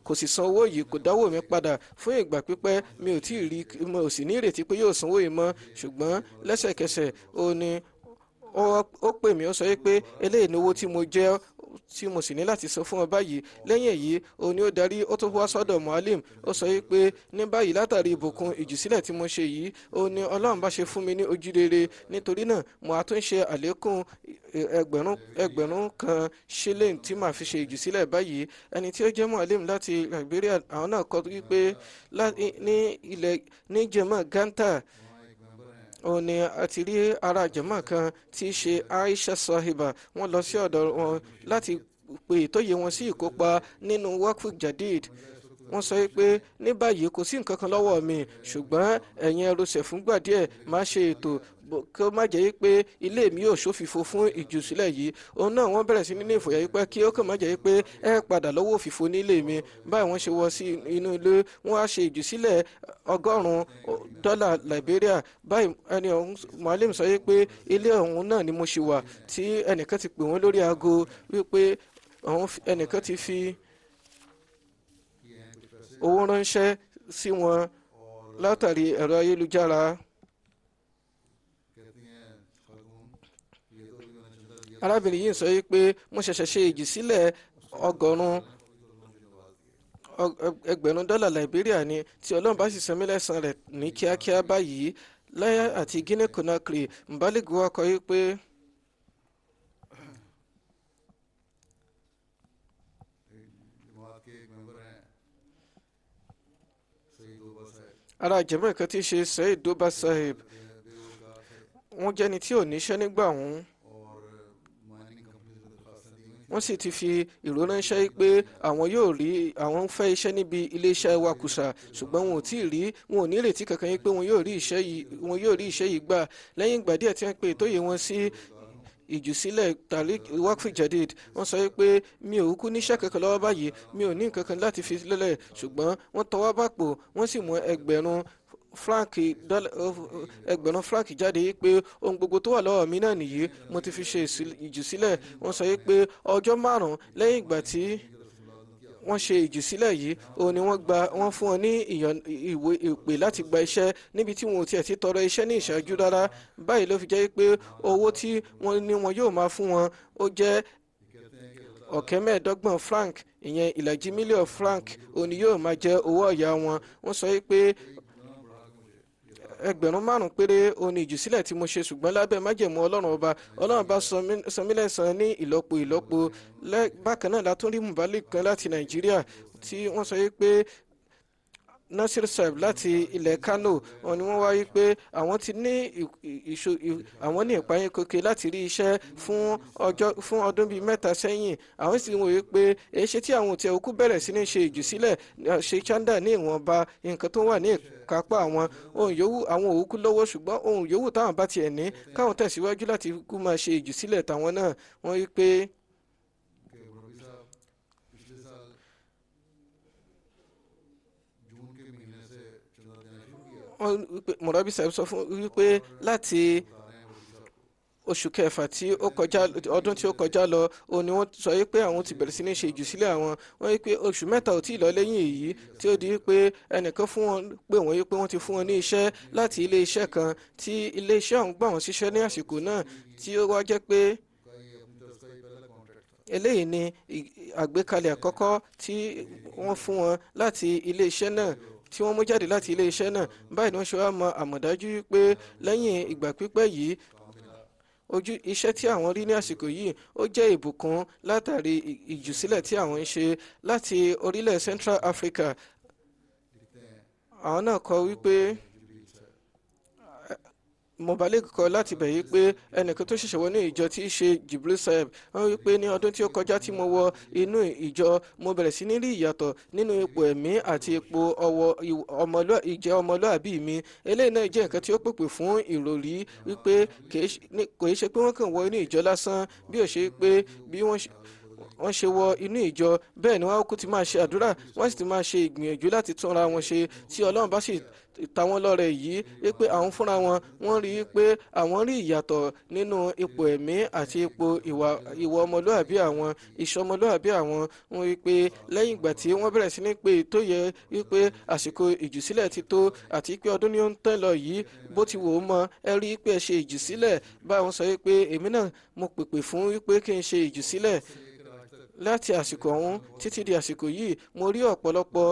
kò sì san owó yìí kò dáwó mi padà fún ìgbà pípẹ́ mi ò tí ì rí mo sì ní ìrètí pé yóò sanwó yìí mọ́ ṣùgbọ́n lẹ́sẹ̀kẹsẹ̀ ó ní ó pè mí ó sọ pé eléyìí ni owó tí mo jẹ́ tí mo sì ní láti sọ fún ọ báyìí lẹ́yìn èyí ó ní ó darí ó tó wá sọ́dọ̀ mualim ó sọ pé ní báyìí látàrí ìbùkún ìjùsílẹ̀ tí mo ṣe yìí ó ní ọlọ́run bá ṣe fún mi ní ojúrere nítorí náà mo àtúnṣe àlékún ẹgbẹ̀rún ẹgbẹ̀rún kan ṣẹlẹ̀ tí màá fi ṣe ìjùsílẹ̀ báyìí ẹni tí ó jẹ́ mualim láti Liberia àwọn náà kọ́ pé ní ilẹ̀ ní jẹ̀mọ́ ganta òun ni a ti rí ara jẹ̀mọ́ kan tí í ṣe Aisha Sahiba wọ́n lọ sí ọ̀dọ̀ wọn láti pè tó yẹ wọn sí ìkópa nínú wakfu jadid wọ́n sọ pé ní báyìí kò sí nǹkan kan lọ́wọ́ mi ṣùgbọ́n ẹ̀yin ẹrọsẹ̀ fúngbà díẹ̀ má ṣe ètò kó má jẹ́ pé ilé mi yóò ṣòfìfo fún ìjùsílẹ̀ yìí òun náà wọ́n bẹ̀rẹ̀ sí ní ní ìfòyà pé kí ó kàn má jẹ́ pé ẹ padà lọ́wọ́ òfìfo ní mi báyìí wọ́n ṣe wọ sí inú ilé wọ́n á ṣe ìjùsílẹ̀ ọgọ́rùn-ún dọ́là Liberia báyìí ẹni ọ̀hún Mualim sọ pé ilé ọ̀hún náà ni mo ṣe wà tí ẹnìkan ti pè wọ́n lórí aago wípé ẹnìkan ti fi owó ránṣẹ́ sí wọn látàrí ẹ̀rọ ayélujára. arábìnrin yìí sọ pé mo ṣẹ̀ṣẹ̀ ṣe ìjì dọ́là Liberia ni tí ọlọ́run bá sì san mí lẹ́san rẹ̀ ní kíákíá báyìí láyà àti Guinea Conakry Mbaligua kọ yí pé. ara jẹ̀mọ́ ìkan tí í ṣe Saheed Durbar Saheb wọ́n jẹ́ni tí ò níṣẹ́ nígbà ọ̀hún wọ́n sì ti fi ìró ránṣẹ́ pé àwọn yóò rí àwọn ń fẹ́ iṣẹ́ níbi iléeṣẹ́ wakùsà ṣùgbọ́n wọn ò tí ì rí wọn ò ní ìrètí kankan yìí pé wọn yóò rí iṣẹ́ yìí gbà lẹ́yìn ìgbà díẹ̀ tí wọ́n pe ìtòyè wọn sí ìjùsílẹ̀ tàlík wákfì jadid wọ́n sọ pé mi ò kú níṣẹ́ kankan lọ́wọ́ báyìí mi ò ní nǹkan kan láti fi lélẹ̀ ṣùgbọ́n wọ́n tọwọ́ bàpò wọ́n sì mú ẹgbẹ̀rún frank ẹgbẹ̀rún frank jáde pé ohun gbogbo tó wà lọ́wọ́ mi náà nìyí mo ti fi ṣe ìjùsílẹ̀ wọ́n sọ pé ọjọ́ márùn-ún lẹ́yìn ìgbà tí wọ́n ṣe ìjùsílẹ̀ yìí òun ni wọ́n gba wọ́n fún wọn ní ìwé ìpè láti gba iṣẹ́ níbi tí wọn ò tiẹ̀ ti tọrọ iṣẹ́ ní ìṣáájú rárá báyìí ló fi jẹ́ pé owó tí wọ́n ní wọn yóò máa fún wọn ó jẹ́ ọ̀kẹ́ mẹ́ẹ̀ẹ́dọ́gbọ̀n franc ìyẹn ìlàjì mílíọ̀n franc òun ni yóò máa jẹ́ owó ọ̀yà wọn wọ́n sọ pé ẹgbẹ̀rún márùn péré òní ìjùsílẹ̀ tí mo ṣe ṣùgbọ́n lábẹ́ májẹ̀mú ọlọ́run ọba ọlọ́run bá sanmílẹ̀ san ní ìlọ́po ìlọ́po bákan náà látún rí mùbálì kan láti nàìjíríà tí wọ́n sọ pé nasir saib láti ilẹ̀ kano wọn ni wọ́n wá wípé àwọn ti ní ìṣó àwọn ní ìpayín kòkè láti rí iṣẹ́ fún ọjọ́ fún ọdún bíi mẹ́ta sẹ́yìn àwọn sì wòye pé èéṣe tí àwọn òtí òkú bẹ̀rẹ̀ sí ní ṣe ìjùsílẹ̀ ṣe chanda ní ìwọ̀nba nǹkan tó wà ní kápá àwọn ohun yòówù àwọn òkú lọ́wọ́ ṣùgbọ́n ohun yòówù táwọn bá tiẹ̀ ní káwọn tẹ̀síwájú láti kú máa ṣe ìjùsílẹ̀ tàwọn náà wọ́n wí pé Morabi Saheb sọ fún wípé láti oṣù kẹfà tí ó kọjá ọdún tí ó kọjá lọ òun ni wọ́n sọ pé àwọn ti bẹ̀rẹ̀ sí ní ṣe ìjùsílẹ̀ àwọn wọ́n wí pé oṣù mẹ́ta ò tí ì lọ lẹ́yìn èyí tí ó di pé ẹnìkan fún wọn pé wọ́n wí pé wọ́n ti fún wọn ní iṣẹ́ láti ilé iṣẹ́ kan tí ilé iṣẹ́ ọ̀hún gbà wọ́n síṣẹ́ ní àsìkò náà tí ó wá jẹ́ pé eléyìí ni àgbékalẹ̀ àkọ́kọ́ tí wọ́n fún wọn láti ilé iṣẹ́ náà tí wọ́n mú jáde láti iléeṣẹ́ náà báyìí ni wọ́n ṣe wá mọ àmọ̀dájú pé lẹ́yìn ìgbà pípẹ́ yìí ojú iṣẹ́ tí àwọn rí ní àsìkò yìí ó jẹ́ ìbùkún látàrí ìjùsílẹ̀ tí àwọn ń ṣe láti orílẹ̀ Central Africa àwọn náà kọ wípé mo balẹ̀ kọ láti bẹ̀ yìí pé ẹnìkan tó ṣẹ̀ṣẹ̀ wọ inú ìjọ tí í ṣe Jibril Saib wọ́n wí pé ní ọdún tí ó kọjá tí mo wọ inú ìjọ mo bẹ̀rẹ̀ sí ní rí ìyàtọ̀ nínú ipò ẹ̀mí àti ipò ìjẹ́ ọmọlúàbí mi eléyìí náà jẹ́ nǹkan tí ó pèpè fún ìròrí wípé kò í ṣe pé wọ́n kàn wọ inú ìjọ lásán bí ó ṣe pé bí wọ́n ṣe wọ́n ṣe wọ inú ìjọ bẹ́ẹ̀ ni wọ́n kú ti máa ṣe àdúrà wọ́n sì ti máa ṣe ìgbìyànjú láti túnra wọn ṣe tí Ọlọ́run bá sì táwọn lọ́rẹ̀ yìí wípé àwọn fúnra wọn wọ́n rí i pé àwọn rí ìyàtọ̀ nínú ipò ẹ̀mí àti ipò ìwà ọmọlúàbí àwọn ìṣọmọlúàbí àwọn wọ́n rí lẹ́yìn ìgbà tí wọ́n bẹ̀rẹ̀ sí ní pé tó yẹ wípé àsìkò ìjùsílẹ̀ ti tó àti pé ọdún ni ó ń tẹ̀ lọ yìí bó ti wò ó mọ ẹ rí i pé ẹ ṣe ìjùsílẹ̀ báwọn sọ wípé èmi náà mo pèpè fún wípé kí n ṣe ìjùsílẹ̀ láti àsìkò ọ̀hún títí di àsìkò yìí mo rí ọ̀pọ̀lọpọ̀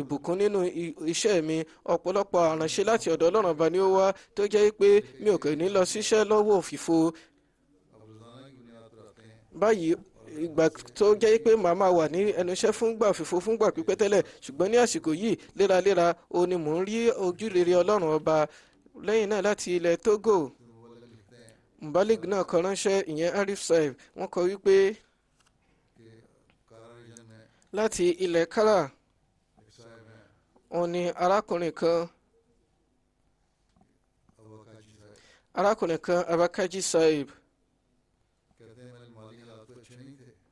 ìbùkún nínú iṣẹ́ mi ọ̀pọ̀lọpọ̀ àránṣe láti ọ̀dọ̀ ọlọ́run ọba ni ó wá tó jẹ́ pé mi ò kàn ní lọ síṣẹ́ lọ́wọ́ òfìfo báyìí ìgbà tó jẹ́ pé màá máa wà ní ẹnu iṣẹ́ fúngbà òfìfo fúngbà pípẹ́ tẹ́lẹ̀ ṣùgbọ́n ní àsìkò yìí léraléra o ni mò ń rí ojúrere ọlọ́run ọba lẹ́yìn náà láti ilẹ̀ Togo Mbalig náà kọ ránṣẹ́ ìyẹn Arif Saif wọ́n kọ wípé láti ilẹ̀ kárà òun ni arákùnrin kan arákùnrin kan Abakaji Saib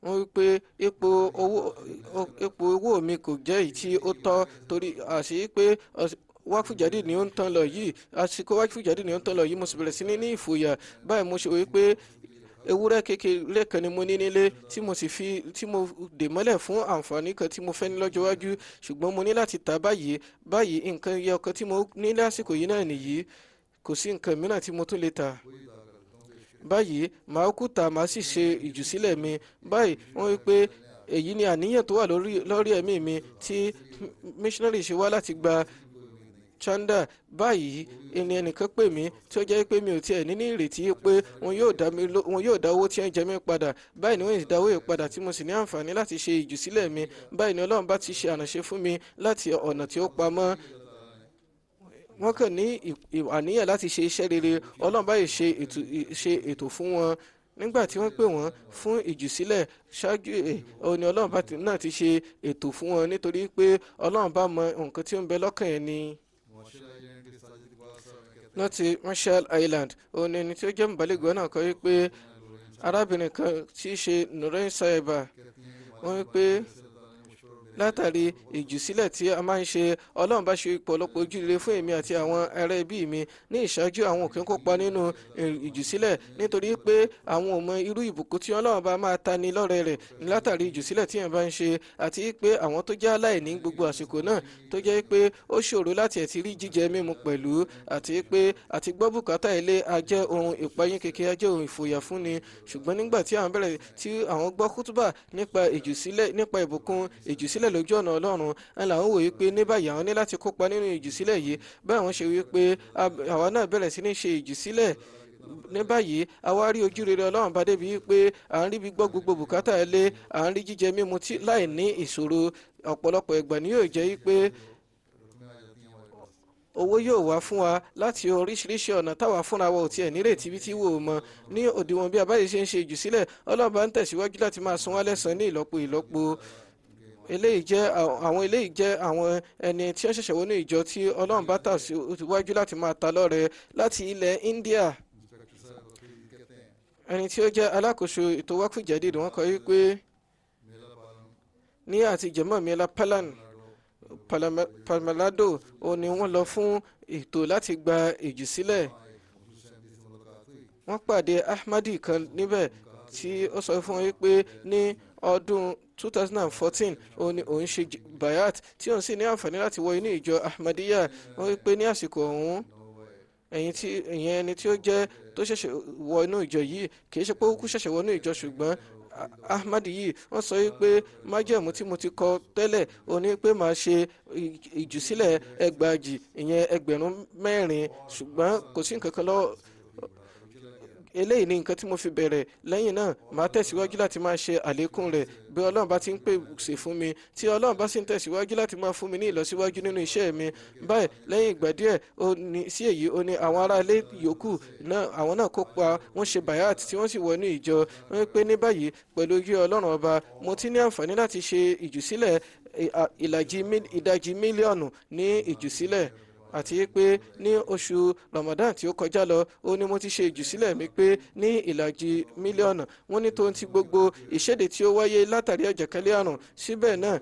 wọ́n wí pé ipò owó ipò owó mi kò jẹ́ èyí tí ó tọ́ torí àṣì pé wákùú jáde ni ó ń tán lọ yìí àsìkò wákùú ni ó ń tán lọ yìí mo sì bẹ̀rẹ̀ sí ní ní ìfòyà báyìí mo ṣe wí pé ewúrẹ́ kékeré kan ni mo ní nílé tí mo sì fi tí mo dè mọ́lẹ̀ fún àǹfààní kan tí mo fẹ́ ní lọ́jọ́ iwájú ṣùgbọ́n mo ní láti tà báyìí báyìí nǹkan iye ọkàn tí mo ní lásìkò yìí náà nìyí kò sí nǹkan mìíràn tí mo tún lè tà báyìí màá kú tà màá sì ṣe ìjùsílẹ̀ mi báyìí wọ́n wí pé èyí ni àníyàn tó wà lórí ẹ̀mí mi tí missionary ṣe wá láti gba Chanda báyìí ẹni ẹnìkan pè mí tí ó jẹ́ pé mi ò tiẹ̀ níní ìrètí pé wọn yóò dá owó tí ẹ ń jẹ mí padà báyìí ni wọ́n ti dá owó yìí padà tí mo sì ní àǹfààní láti ṣe ìjùsílẹ̀ mi báyìí ni Ọlọ́run bá ti ṣe ànàṣe fún mi láti ọ̀nà tí ó pamọ́ wọ́n kàn ní àníyàn láti ṣe iṣẹ́ rere Ọlọ́run báyìí ṣe ètò fún wọn nígbà tí wọ́n pè wọ́n fún ìjùsílẹ̀ ṣáájú ẹ̀ ni Ọlọ́run náà ti ṣe ètò fún wọn nítorí pé Ọlọ́run bá mọ nǹkan tí ó ń bẹ lọ́kàn ẹni láti marshall island òun ni ẹni tí ó jẹ́ mbàlẹ́gbẹ́ náà kọ́ wípé arábìnrin kan tí í ṣe nurain saiba wọ́n wípé látàrí ìjùsílẹ̀ tí a máa ń ṣe ọlọ́run bá ṣe ìpọ̀lọpọ̀ ojúrere fún èmi àti àwọn ará ẹbí mi ní ìṣáájú àwọn òkè ń kópa nínú ìjùsílẹ̀ nítorí pé àwọn ò mọ irú ìbùkún tí ọlọ́run bá máa tani lọ́rẹ̀ rẹ̀ látàrí ìjùsílẹ̀ tí èèyàn bá ń ṣe àti pé àwọn tó jẹ́ aláìní gbogbo àsìkò náà tó jẹ́ pé ó ṣòro láti ẹ̀ ti rí jíjẹ mímu pẹ̀lú àti pé àti gbọ́ bùkátà ilé ajẹ́ ohun ìpayín kékeré ajẹ́ ohun ìfòyà fúnni ṣùgbọ́n nígbà tí àwọn bẹ̀rẹ̀ tí àwọn gbọ́ kútúbà nípa ìjùsílẹ̀ nípa ìbùkún ìjùsílẹ̀ sílẹ̀ lójú ọ̀nà ọlọ́run ẹn làwọn wòye pé ní báyìí àwọn ní láti kópa nínú ìjùsílẹ̀ yìí bẹ́ẹ̀ wọ́n ṣe wí pé àwa náà bẹ̀rẹ̀ sí ní ṣe ìjùsílẹ̀ ní báyìí àwa rí ojú rere ọlọ́run bá débi pé à ń rí gbígbọ́ gbogbo bùkátà ilé à ń rí jíjẹ mímu tí láì ní ìṣòro ọ̀pọ̀lọpọ̀ ẹgbà ni yóò jẹ́ pé owó yóò wá fún wa láti oríṣiríṣi ọ̀nà táwa fúnra wa ò tiẹ̀ nírètí bí tí wò ó mọ ní òdiwọ̀n bí abáyé ṣe ń ṣe jù sílẹ̀ ọlọ́ba ń tẹ̀síwájú láti máa san wá lẹ́san ní ìlọ́po ìlọ́po eléyìí jẹ́ àwọn eléyìí jẹ́ àwọn ẹni tí ó ṣẹ̀ṣẹ̀ wọnú ìjọ tí ọlọ́run bá tà síwájú láti máa ta lọ́rẹ̀ láti ilẹ̀ India ẹni tí ó jẹ́ alákòóso ètò wákùn jẹ́dìdì wọ́n kọ wípé ní àti jẹ́mọ̀ miela palan palmalado ó ní wọ́n lọ fún ètò láti gba èjì sílẹ̀ wọ́n pàdé Ahmadi kan níbẹ̀ tí ó sọ fún wọn wípé ní ọdún 2014 òun ni òun ṣe bayat tí òun sì ní àǹfààní láti wọ inú ìjọ ahmadiyya wọ́n wí pé ní àsìkò ọ̀hún ẹ̀yìn tí ìyẹn ẹni tí ó jẹ́ tó ṣẹ̀ṣẹ̀ wọ inú ìjọ yìí kì í ṣe pé ó kú ṣẹ̀ṣẹ̀ wọ inú ìjọ ṣùgbọ́n ahmad yìí wọ́n sọ wípé májẹ̀mú tí mo ti kọ tẹ́lẹ̀ ó pé màá ṣe ìjùsílẹ̀ ẹgbàajì ìyẹn ẹgbẹ̀rún mẹ́rin ṣùgbọ́n kò sí nǹkan kan lọ́wọ́ eléyìí ni nǹkan tí mo fi bẹ̀rẹ̀ lẹ́yìn náà màá tẹ̀síwájú láti máa ṣe àlékún rẹ̀ bí ọlọ́run bá ti ń pèsè fún mi tí ọlọ́run bá sì ń tẹ̀síwájú láti máa fún mi ní ìlọsíwájú nínú iṣẹ́ mi báyìí lẹ́yìn ìgbà díẹ̀ sí èyí ó ní àwọn ará ilé yòókù náà àwọn náà kópa wọ́n ṣe bayat tí wọ́n sì wọnú ìjọ wọ́n pé ní báyìí pẹ̀lú ojú ọlọ́run ọba mo ti ní àǹfààní láti ṣe ìjùsílẹ̀ ìdajì mílíọ̀nù ní ìjùsílẹ̀ àti pé ní oṣù Ramadan tí ó kọjá lọ ó ní mo ti ṣe ìjùsílẹ̀ mi pé ní ìlàjì mílíọ̀nù wọ́n ní tóun ti gbogbo ìṣèdè tí ó wáyé látàrí àjàkálẹ̀ àrùn síbẹ̀ náà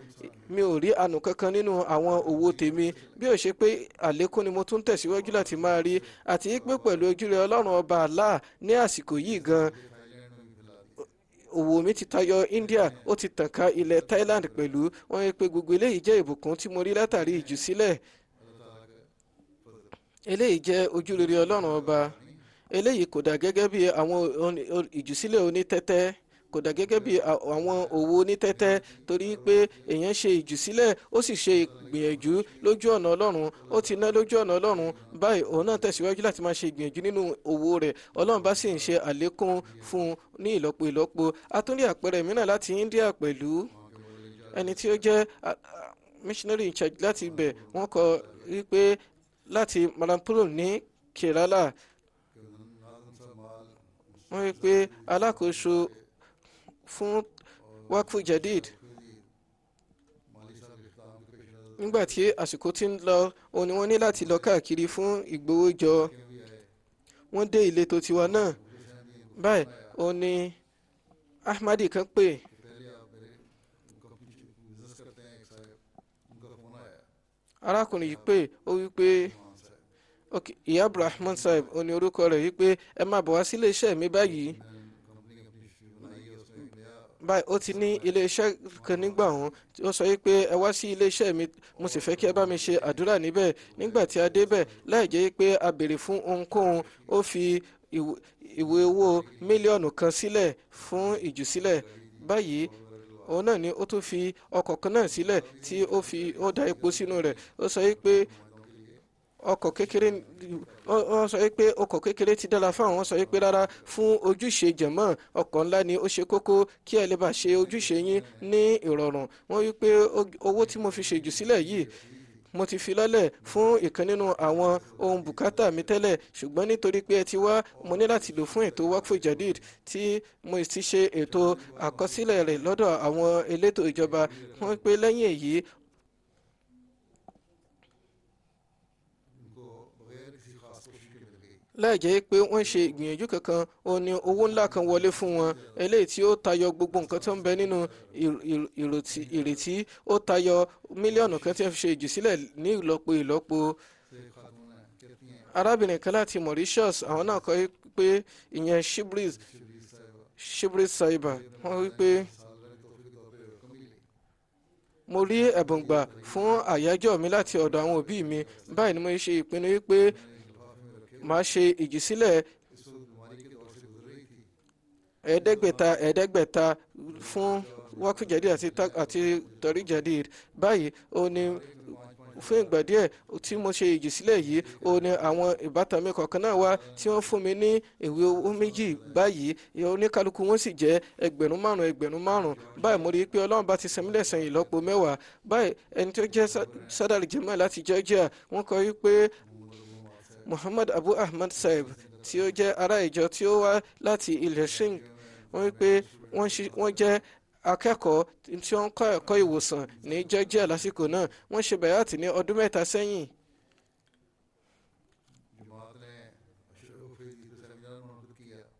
mi ò rí àánú kankan nínú àwọn òwò tèmi bí ó ṣe pé àlékún ni mo tún tẹ̀síwájú láti máa rí àti pé pẹ̀lú ojú rẹ Ọlọ́run ọba Allah ní àsìkò yìí gan òwò mi ti tayọ India ó ti tàn ká ilẹ̀ Thailand pẹ̀lú wọ́n yẹ pé gbogbo eléyìí jẹ́ ìbùkún tí mo rí látàrí ìjùsílẹ̀ eléyìí jẹ́ ojúrere ọlọ́run ọba eléyìí kò dà gẹ́gẹ́ bí àwọn ìjùsílẹ̀ onítẹ́tẹ́ kò dà gẹ́gẹ́ bí àwọn òwò onítẹ́tẹ́ torí pé èèyàn ṣe ìjùsílẹ̀ ó sì ṣe ìgbìyànjú lójú ọ̀nà ọlọ́run ó ti ná lójú ọ̀nà ọlọ́run báyìí òun náà tẹ̀síwájú láti máa ṣe ìgbìyànjú nínú òwò rẹ̀ ọlọ́run bá sì ń ṣe àlékún fún un ní ìlọ́po ìlọ́po atúndí àpẹẹrẹ mìíràn láti India pẹ̀lú ẹni tí ó jẹ́ missionary in charge láti ibẹ̀ wọ́n kọ wípé láti Malampur ní Kerala wọ́n wí pé alákòóso fún Wakfu Jadid nígbàtí àsìkò tí ń lọ òun ni wọ́n ní láti lọ káàkiri fún ìgbowójọ wọ́n dé ìletò tiwa náà báyìí òun ni Ahmadi kan pè é. arákùnrin yìí pé ó wí pé ìyá abdulrahman saheb ó ní orúkọ rẹ̀ wí pé ẹ máa bọ̀ wá sí iléeṣẹ́ mi báyìí báyìí ó ti ní iléeṣẹ́ kan nígbà wọn ó sọ wípé ẹ wá sí iléeṣẹ́ mi mo sì fẹ́ kí ẹ bá mi ṣe àdúrà níbẹ̀ nígbà tí a débẹ̀ láì jẹ́ pé a béèrè fún ohunkóhun ó fi ìwé owó mílíọ̀nù kan sílẹ̀ fún ìjùsílẹ̀ báyìí òun náà ni ó tún fi ọkọ̀ kan náà sílẹ̀ tí ó fi ó da epo sínú rẹ̀ ó sọ pé ọkọ̀ kékeré wọ́n sọ pé ọkọ̀ kékeré ti dára fáwọn wọ́n sọ pé rárá fún ojúṣe jẹ̀mọ́ ọkọ̀ ńlá ni ó ṣe kókó kí ẹ lè bá ṣe ojúṣe yín ní ìrọ̀rùn wọ́n wí pé owó tí mo fi ṣèjù sílẹ̀ yìí mo ti fi lọ́lẹ̀ fún ìkan nínú àwọn ohun bùkátà mi tẹ́lẹ̀ ṣùgbọ́n nítorí pé ẹ ti wá mo ní láti lò fún ètò wakfu jadid tí mo ti ṣe ètò àkọsílẹ̀ rẹ̀ lọ́dọ̀ àwọn elétò ìjọba wọ́n pé lẹ́yìn èyí láì jẹ́ pé wọ́n ṣe ìgbìyànjú kankan ó ní owó ńlá kan wọlé fún wọn eléyìí tí ó tayọ gbogbo nǹkan tó ń bẹ nínú ìrètí ó tayọ mílíọ̀nù kan tí wọ́n fi ṣe ìjùsílẹ̀ ní ìlọ́po ìlọ́po arábìnrin kan láti Mauritius àwọn náà kọ pé ìyẹn Shibris Shibris Saiba wọ́n wí pé mo rí ẹ̀bùn gbà fún àyájọ́ mi láti ọ̀dọ̀ àwọn òbí mi báyìí ni mo ṣe ìpinnu wípé má ṣe ìjìsílẹ̀ ẹ̀ẹ́dẹ́gbẹ̀ta ẹ̀ẹ́dẹ́gbẹ̀ta fún wákì jẹ̀dí àti tọ̀rí jẹ̀dí báyìí ó ní fún ìgbà díẹ̀ tí mo ṣe ìjìsílẹ̀ yìí ó ní àwọn ìbátan mi kọ̀ọ̀kan náà wá tí wọ́n fún mi ní ìwé owó méjì báyìí oníkálukú wọn sì jẹ́ ẹgbẹ̀rún márùn ẹgbẹ̀rún márùn báyìí mo rí i pé ọlọ́run bá ti sẹ́mi lẹ́san ìlọ́po mẹ́wàá báyìí ẹni tó jẹ́ sádàlì jẹ́mọ́ láti Georgia wọ́n kọ wípé Muhammad Abu Ahmad Saib tí ó jẹ́ ará ìjọ tí ó wá láti ilẹ̀ Shin wọ́n wípé wọ́n jẹ́ akẹ́kọ̀ọ́ tí wọ́n ń kọ́ ẹ̀kọ́ ìwòsàn ní Georgia lásìkò náà wọ́n ṣe bàyàtì ní ọdún mẹ́ta sẹ́yìn.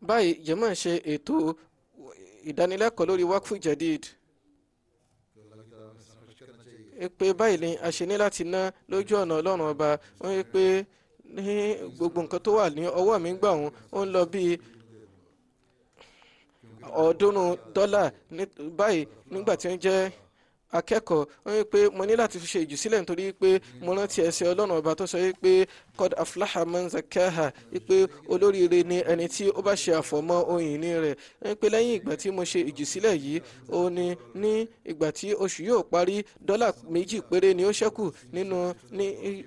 báyìí jẹ́mọ̀ ṣe ètò ìdánilẹ́kọ̀ọ́ lórí wakfu jadid pé báyìí ni a ṣe ní láti ná lójú ọ̀nà ọlọ́run ọba wọ́n wípé ní gbogbo nǹkan tó wà ní ọwọ́ mi gbà òun ó ń lọ bíi ọ̀ọ́dúnrún dọ́là báyìí nígbà tí ó ń jẹ́ akẹ́kọ̀ọ́ ó ní pé mo ní láti fi ṣe ìjùsílẹ̀ nítorí pé mo rántí ẹsẹ̀ ọlọ́run ọba tó sọ pé kọ́d aflaha man zakaha wípé olóríire ni ẹni tí ó bá ṣe àfọ̀mọ́ ohun ìní rẹ̀ wípé lẹ́yìn ìgbà tí mo ṣe ìjùsílẹ̀ yìí ó ní ní ìgbà tí oṣù yóò parí dọ́là méjì péré ni ó ṣẹ́kù nínú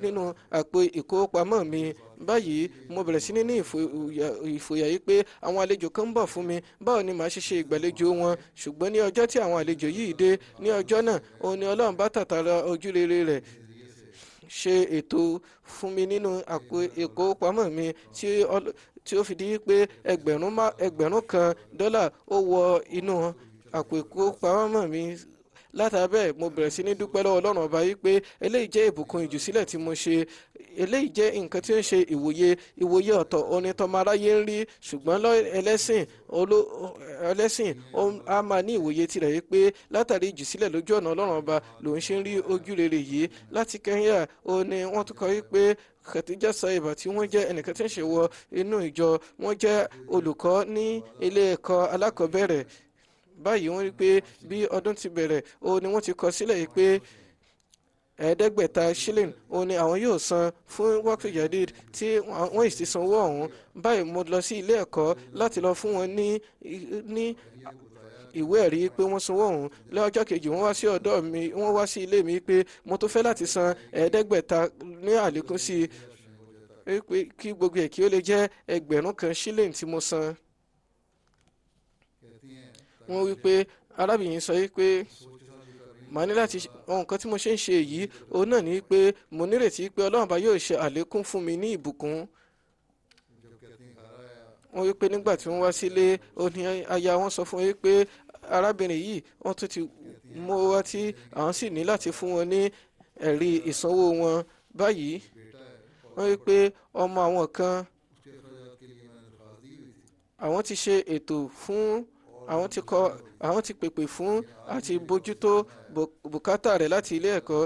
nínú àpò ìkówópamọ́ mi báyìí mo bẹ̀rẹ̀ sí ní ní ìfòyà yìí pé àwọn àlejò kan ń bọ̀ fún mi báwo ni màá ṣe ṣe ìgbàlejò wọn ṣùgbọ́n ní ọjọ́ tí àwọn àlejò yìí dé ní ọjọ́ náà òun ni ọlọ́run bá tàtàrà ojúrere rẹ̀ ṣe ètò fún mi nínú àpò ìkówópamọ́ mi tí ó fi di pé ẹgbẹ̀rún kan dọ́là ó wọ inú àpò ìkówópamọ́ mi látara bẹ́ẹ̀ mo bẹ̀rẹ̀ sí ní dúpẹ́ lọ́wọ́ ọlọ́run ọba yìí pé eléyìí jẹ́ ìbùkún ìjùsílẹ̀ tí mo ṣe eléyìí jẹ́ nǹkan tí ó ń ṣe ìwòye ìwòye ọ̀tọ̀ onítọ́mọ aráyé ń rí ṣùgbọ́n ẹlẹ́sìn ẹlẹ́sìn a máa ní ìwòye tirẹ̀ yìí pé látàrí ìjùsílẹ̀ lójú ọ̀nà ọlọ́run ọba lòun ṣe ń rí ojúrere yìí láti kẹ́ńyà ó wọ́n tún kọ́ yìí pé Khatija Saiba tí wọ́n jẹ́ ẹnìkan tí ń ṣèwọ inú ìjọ wọ́n jẹ́ olùkọ́ ní ilé ẹ̀kọ́ alákọ̀ọ́bẹ̀rẹ̀ báyìí wọ́n rí pé bí ọdún ti bẹ̀rẹ̀ o ni wọ́n ti kọ sílẹ̀ yìí pé ẹ̀ẹ́dẹ́gbẹ̀ta shilling o ni àwọn yóò san fún wákìtí jadid tí wọ́n sì ti sanwó ọ̀hún báyìí mo lọ sí ilé ẹ̀kọ́ láti lọ fún wọn ní ní ìwé ẹ̀rí pé wọ́n sanwó ọ̀hún lọ́jọ́ kejì wọ́n wá sí ọ̀dọ̀ mi wọ́n wá sí ilé mi pé mo tó fẹ́ láti san ẹ̀ẹ́dẹ́gbẹ̀ta ní àlékún sí i kí gbogbo ẹ̀ kí ó lè jẹ́ ẹgbẹ̀rún kan shilling tí mo san wọ́n wí pé arábìnrin sọ pé màá ní láti ohun kan tí mo ṣe ń ṣe yìí òun náà ni pé mo nírètí pé ọlọ́run bá yóò ṣe àlékún fún mi ní ìbùkún wọ́n wí pé nígbà tí wọ́n wá sílé ó aya wọn sọ fún wọn pé arábìnrin yìí wọ́n tún ti mú wá tí àwọn sì ní láti fún wọn ní ẹ̀rí ìsanwó wọn báyìí wọ́n wí pé ọmọ àwọn kan àwọn ti ṣe ètò fún àwọn ti kọ àwọn ti pèpè fún àti bójútó bùkátà rẹ̀ láti ilé ẹ̀kọ́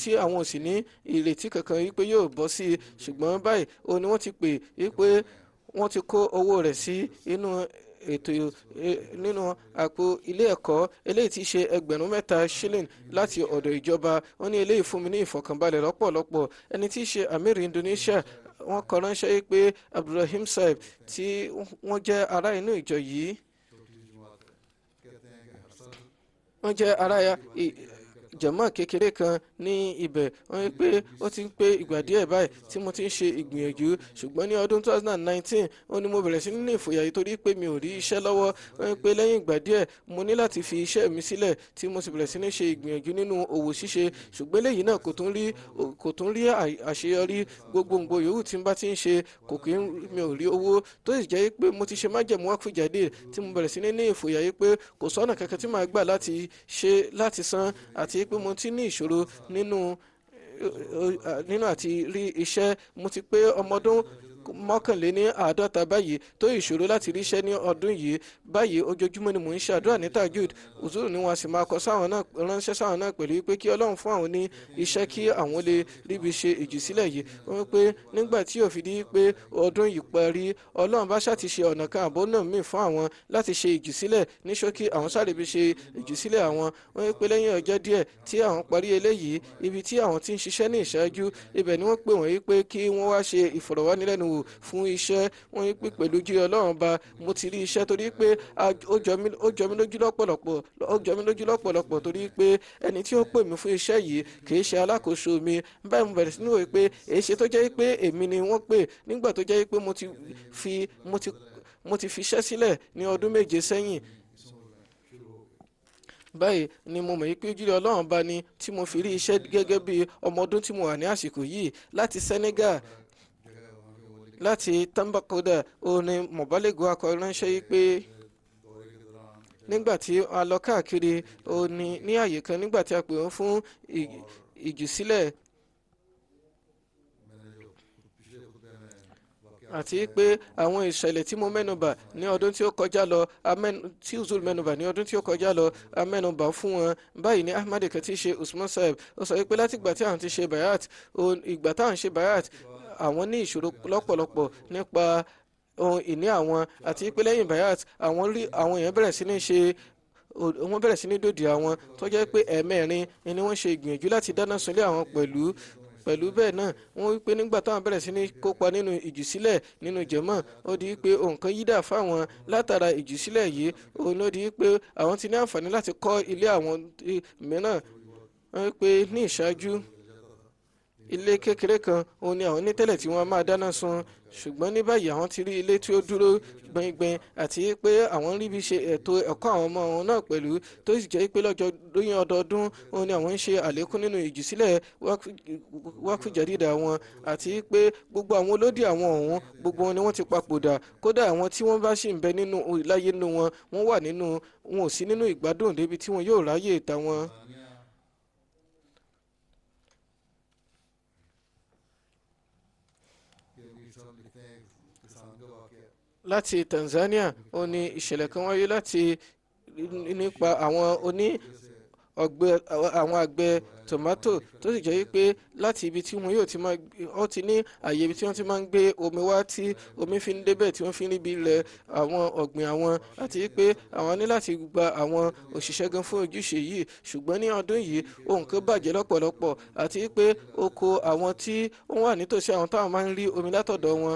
tí àwọn ò sì ní ìrètí kankan wípé yóò bọ́ sí i ṣùgbọ́n báyìí ó ní wọ́n ti pè wípé wọ́n ti kó owó rẹ̀ sí inú ètò e, nínú àpò ilé ẹ̀kọ́ eléyìí ti ṣe ẹgbẹ̀rún mẹ́ta shilling láti ọ̀dọ̀ ìjọba wọ́n ní eléyìí fún mi ní ìfọ̀kànbalẹ̀ lọ́pọ̀lọpọ̀ ẹni tí í ṣe amir Indonesia wọ́n kọ ránṣẹ́ pé Abdulrahim Saib tí wọ́n jẹ́ ará inú ìjọ yìí じゃあらやい jàmá kékeré kan ní ibẹ̀ wọ́n rí pé ó ti ń pé ìgbà díẹ̀ báyìí tí mo ti ń ṣe ìgbìyànjú ṣùgbọ́n ní ọdún 2019 ó ní mo bẹ̀rẹ̀ sí ní ìfòyà yìí torí pé mi ò rí iṣẹ́ lọ́wọ́ wọ́n rí pé lẹ́yìn ìgbà díẹ̀ mo ní láti fi iṣẹ́ mi sílẹ̀ tí mo sì bẹ̀rẹ̀ sí ní ṣe ìgbìyànjú nínú òwò ṣíṣe ṣùgbọ́n lẹ́yìn náà kò tún rí kò tún rí àṣeyọrí gbogbogbò yòówù tí n bá pé mo ti ní ìṣòro nínú eh, eh, eh, nínú àti rí iṣẹ́ mo ti pé ọmọ mọ́kànléní àádọ́ta báyìí tó ìṣòro láti ríṣẹ́ ní ọdún yìí báyìí ojoojúmọ́ ni mò ń ṣàdúrà ní tajud òṣèlú ni wọ́n sì máa kọ sáwọn náà ránṣẹ́ sáwọn náà pẹ̀lú pé kí ọlọ́run fún àwọn ní iṣẹ́ kí àwọn lè ríbi ṣe ìjì sílẹ̀ yìí wọ́n pé nígbà tí yóò fi di pé ọdún yìí parí ọlọ́run bá ṣàti ṣe ọ̀nà kan àbó náà míì fún àwọn láti ṣe ìjì sílẹ̀ ní ṣókí àwọn sáré bí ṣe ìjì sílẹ̀ àwọn wọ́n pé lẹ́yìn ọjọ́ díẹ̀ tí àwọn parí eléyìí ibi tí àwọn ti ń ṣiṣẹ́ ní ìṣáájú ibẹ̀ ni wọ́n pè wọ́n yí pé kí wọ́n wá ṣe ìfọ̀rọ̀wánilẹ́nuwò fún iṣẹ́ wọ́n ní pé pẹ̀lú jírí ọlọ́run ba mo ti rí iṣẹ́ torí pé ó jọ mí lójú lọ́pọ̀lọpọ̀ ó jọ mí lójú lọ́pọ̀lọpọ̀ torí pé ẹni tí ó pè mí fún iṣẹ́ yìí kì í ṣe alákòóso mi báyìí mo bẹ̀rẹ̀ sí ní òye tó jẹ́ pé èmi ni wọ́n pè nígbà tó jẹ́ pé mo ti fi iṣẹ́ sílẹ̀ ní ọdún méje sẹ́yìn báyìí ni mo mọ̀ pé ojúlé ọlọ́run bá ní tí mo fi rí iṣẹ́ gẹ́gẹ́ bí ọmọ ọdún tí mo wà ní àsìkò yìí láti Senegal láti tambakoda ó ní mọ̀bálẹ́gù akọ̀ránṣẹ́ yìí pé nígbà tí a lọ káàkiri ó ní ní àyè kan nígbà tí a pè wọ́n fún ìjùsílẹ̀ àti pé àwọn ìṣẹ̀lẹ̀ tí mo mẹ́nubà ní ọdún tí ó kọjá lọ tí uzul mẹ́nubà ní ọdún tí ó kọjá lọ amẹ́nubà fún wọn báyìí ní Ahmad Kati ṣe Usman Saib ó sọ pé látìgbà tí àwọn ti ṣe bayat ìgbà táwọn ṣe bayat àwọn ní ìṣòro lọ́pọ̀lọpọ̀ nípa ohun ìní àwọn àti pé lẹ́yìn bayat àwọn rí àwọn èèyàn bẹ̀rẹ̀ sí ní ṣe wọ́n bẹ̀rẹ̀ sí ní dòdì àwọn tó jẹ́ pé ẹ̀ẹ̀mẹ́rin ni wọ́n ṣe ìgbìyànjú láti dáná sunlé àwọn pẹ̀lú pẹ̀lú bẹ́ẹ̀ náà wọ́n wípé nígbà táwọn bẹ̀rẹ̀ sí ní kópa nínú ìjùsílẹ̀ nínú jẹ̀mọ́ ó di pé nǹkan yídà fáwọn látara ìjùsílẹ̀ yìí òun ló di pé àwọn ti ní àǹfààní láti kọ́ ilé àwọn mìíràn wọ́n wípé ní ìṣáájú ilé kékeré kan òun ni àwọn onítẹ̀lẹ̀ tí wọ́n máa dáná sun ṣùgbọ́n ní báyìí àwọn ti rí ilé tí ó dúró gbẹngbẹn àti pé àwọn ríbi ṣe ètò ẹ̀kọ́ àwọn ọmọ wọn náà pẹ̀lú tó sì jẹ́ pé lọ́jọ́ lóyún ọdọọdún òun ni àwọn ń ṣe àlékún nínú ìjùsílẹ̀ wákùjẹ́dídà wọn àti pé gbogbo àwọn olódì àwọn ọ̀hún gbogbo wọn ni wọ́n ti papòdà kódà àwọn tí wọ́n bá sì ń bẹ nínú láyé nínú wọn wọ́n wà nínú wọn ò sí nínú ìgbádùn débi tí wọn yóò ráyè ìta wọn. láti Tanzania ó ní ìṣẹ̀lẹ̀ kan wáyé láti nípa àwọn oní ọgbẹ àwọn àgbẹ̀ tomato tó sì jẹ́ wípé láti ibi tí wọn yóò ti máa wọ́n ti ní àyè ibi tí wọ́n ti máa ń gbé omi wá tí omi fi ń débẹ̀ tí wọ́n fi ń ríbi ilẹ̀ àwọn ọ̀gbìn àwọn àti wípé àwọn ní láti gba àwọn òṣìṣẹ́ gan fún ojúṣe yìí ṣùgbọ́n ní ọdún yìí ohun kan bàjẹ́ lọ́pọ̀lọpọ̀ àti wípé oko àwọn tí wọ́n wà nítòsí àwọn táwọn máa ń rí omi látọ̀dọ̀ wọn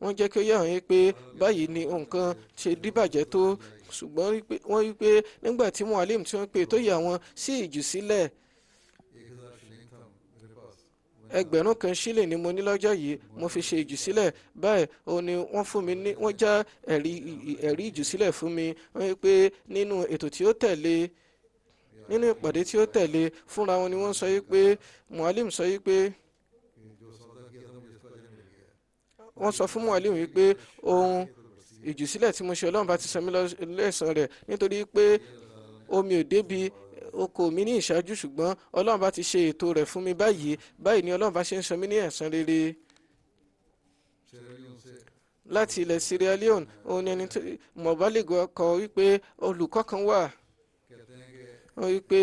wọ́n jẹ́ kí ó yà hàn pé báyìí ni nǹkan ṣe díbàjẹ́ tó ṣùgbọ́n wọ́n rí pé nígbà tí mualim tí wọ́n pè tó yà wọ́n sí ìjùsílẹ̀ ẹgbẹ̀rún kan sílẹ̀ ni mo ní lọ́jọ́ yìí mo fi ṣe ìjùsílẹ̀ báyìí o ni wọ́n fún mi ní wọ́n já ẹ̀rí ìjùsílẹ̀ fún mi wọ́n rí pé nínú ètò tí ó tẹ̀lé nínú ìpàdé tí ó tẹ̀lé fúnra wọn ni wọ́n sọ yìí pé mualim sọ yìí pé. wọ́n sọ fún Mualim wípé ohun ìjùsílẹ̀ tí mo ṣe ọlọ́run bá ti san mí lẹ́san rẹ̀ nítorí pé omi ò débi oko mi ní ìṣáájú ṣùgbọ́n ọlọ́run bá ti ṣe ètò rẹ̀ fún mi báyìí báyìí ni ọlọ́run bá ṣe ń san mí ní ẹ̀san rere láti ilẹ̀ Sierra Leone òun ni ẹni tó mọ̀bálẹ́gọ́ kọ wípé olùkọ́ kan wà wọ́n wípé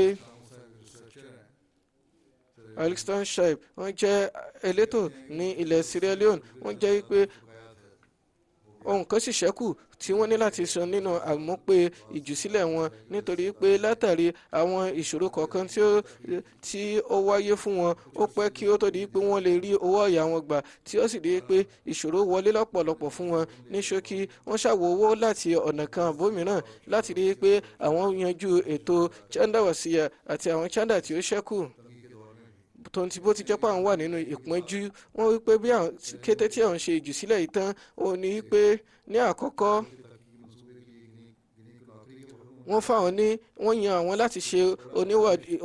Alexander Shipe wọ́n jẹ́ elétò ní ilẹ̀ Sierra Leone wọ́n jẹ́ wípé ohun kan sì ṣẹ́kù tí wọ́n ní láti san nínú àmúpé ìjùsílẹ̀ wọn nítorí pé látàrí àwọn ìṣòro kọ̀ọ̀kan tí ó wáyé fún wọn ó pẹ́ kí ó tó di pé wọ́n lè rí owó ọ̀yà wọn gbà tí ó sì di pé ìṣòro wọlé lọ́pọ̀lọpọ̀ fún wọn ní ṣókí wọ́n ṣàwò láti ọ̀nà kan àbómìíràn láti rí pé àwọn yanjú ètò chanda wàsíyà àti àwọn chanda tí ó ṣẹ́kù tóun ti bó ti jẹ́ pé àwọn wà nínú ìpọ́njú wọ́n wí pé bí àwọn kété tí àwọn ṣe ìjùsílẹ̀ yìí tán òun ni wípé ní àkọ́kọ́ wọ́n fáwọn ní wọ́n yan àwọn láti ṣe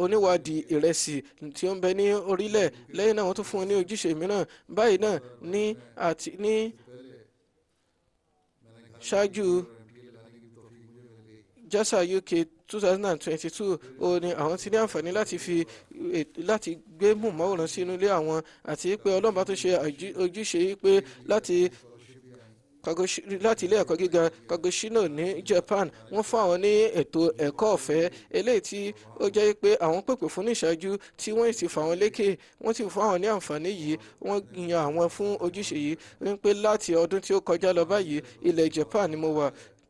oníwádìí ìrẹsì tí ó ń bẹ ní orílẹ̀ lẹ́yìn náà wọ́n tún fún wọn ní ojúṣe mìíràn báyìí náà ní àti ní ṣáájú jasa UK 2022 thousand and twenty-two ó ní àwọn ti ní àǹfààní láti fi eh, láti gbé mùmáwòrán sínú ilé àwọn àti pé ọlọ́mọba tó ṣe ojúṣe pé láti láti ilé ẹ̀kọ́ gíga Kagoshino ní Japan wọ́n fún àwọn ní ètò ẹ̀kọ́ ọ̀fẹ́ eléyìí tí ó jẹ́ pé àwọn pèpè fún níṣáájú tí wọ́n sì fà wọ́n lékè wọ́n sì fún àwọn ní àǹfààní yìí wọ́n yan àwọn fún ojúṣe yìí wípé láti ọdún tí ó kọjá lọ báyìí ilẹ̀ Japan ni mo wà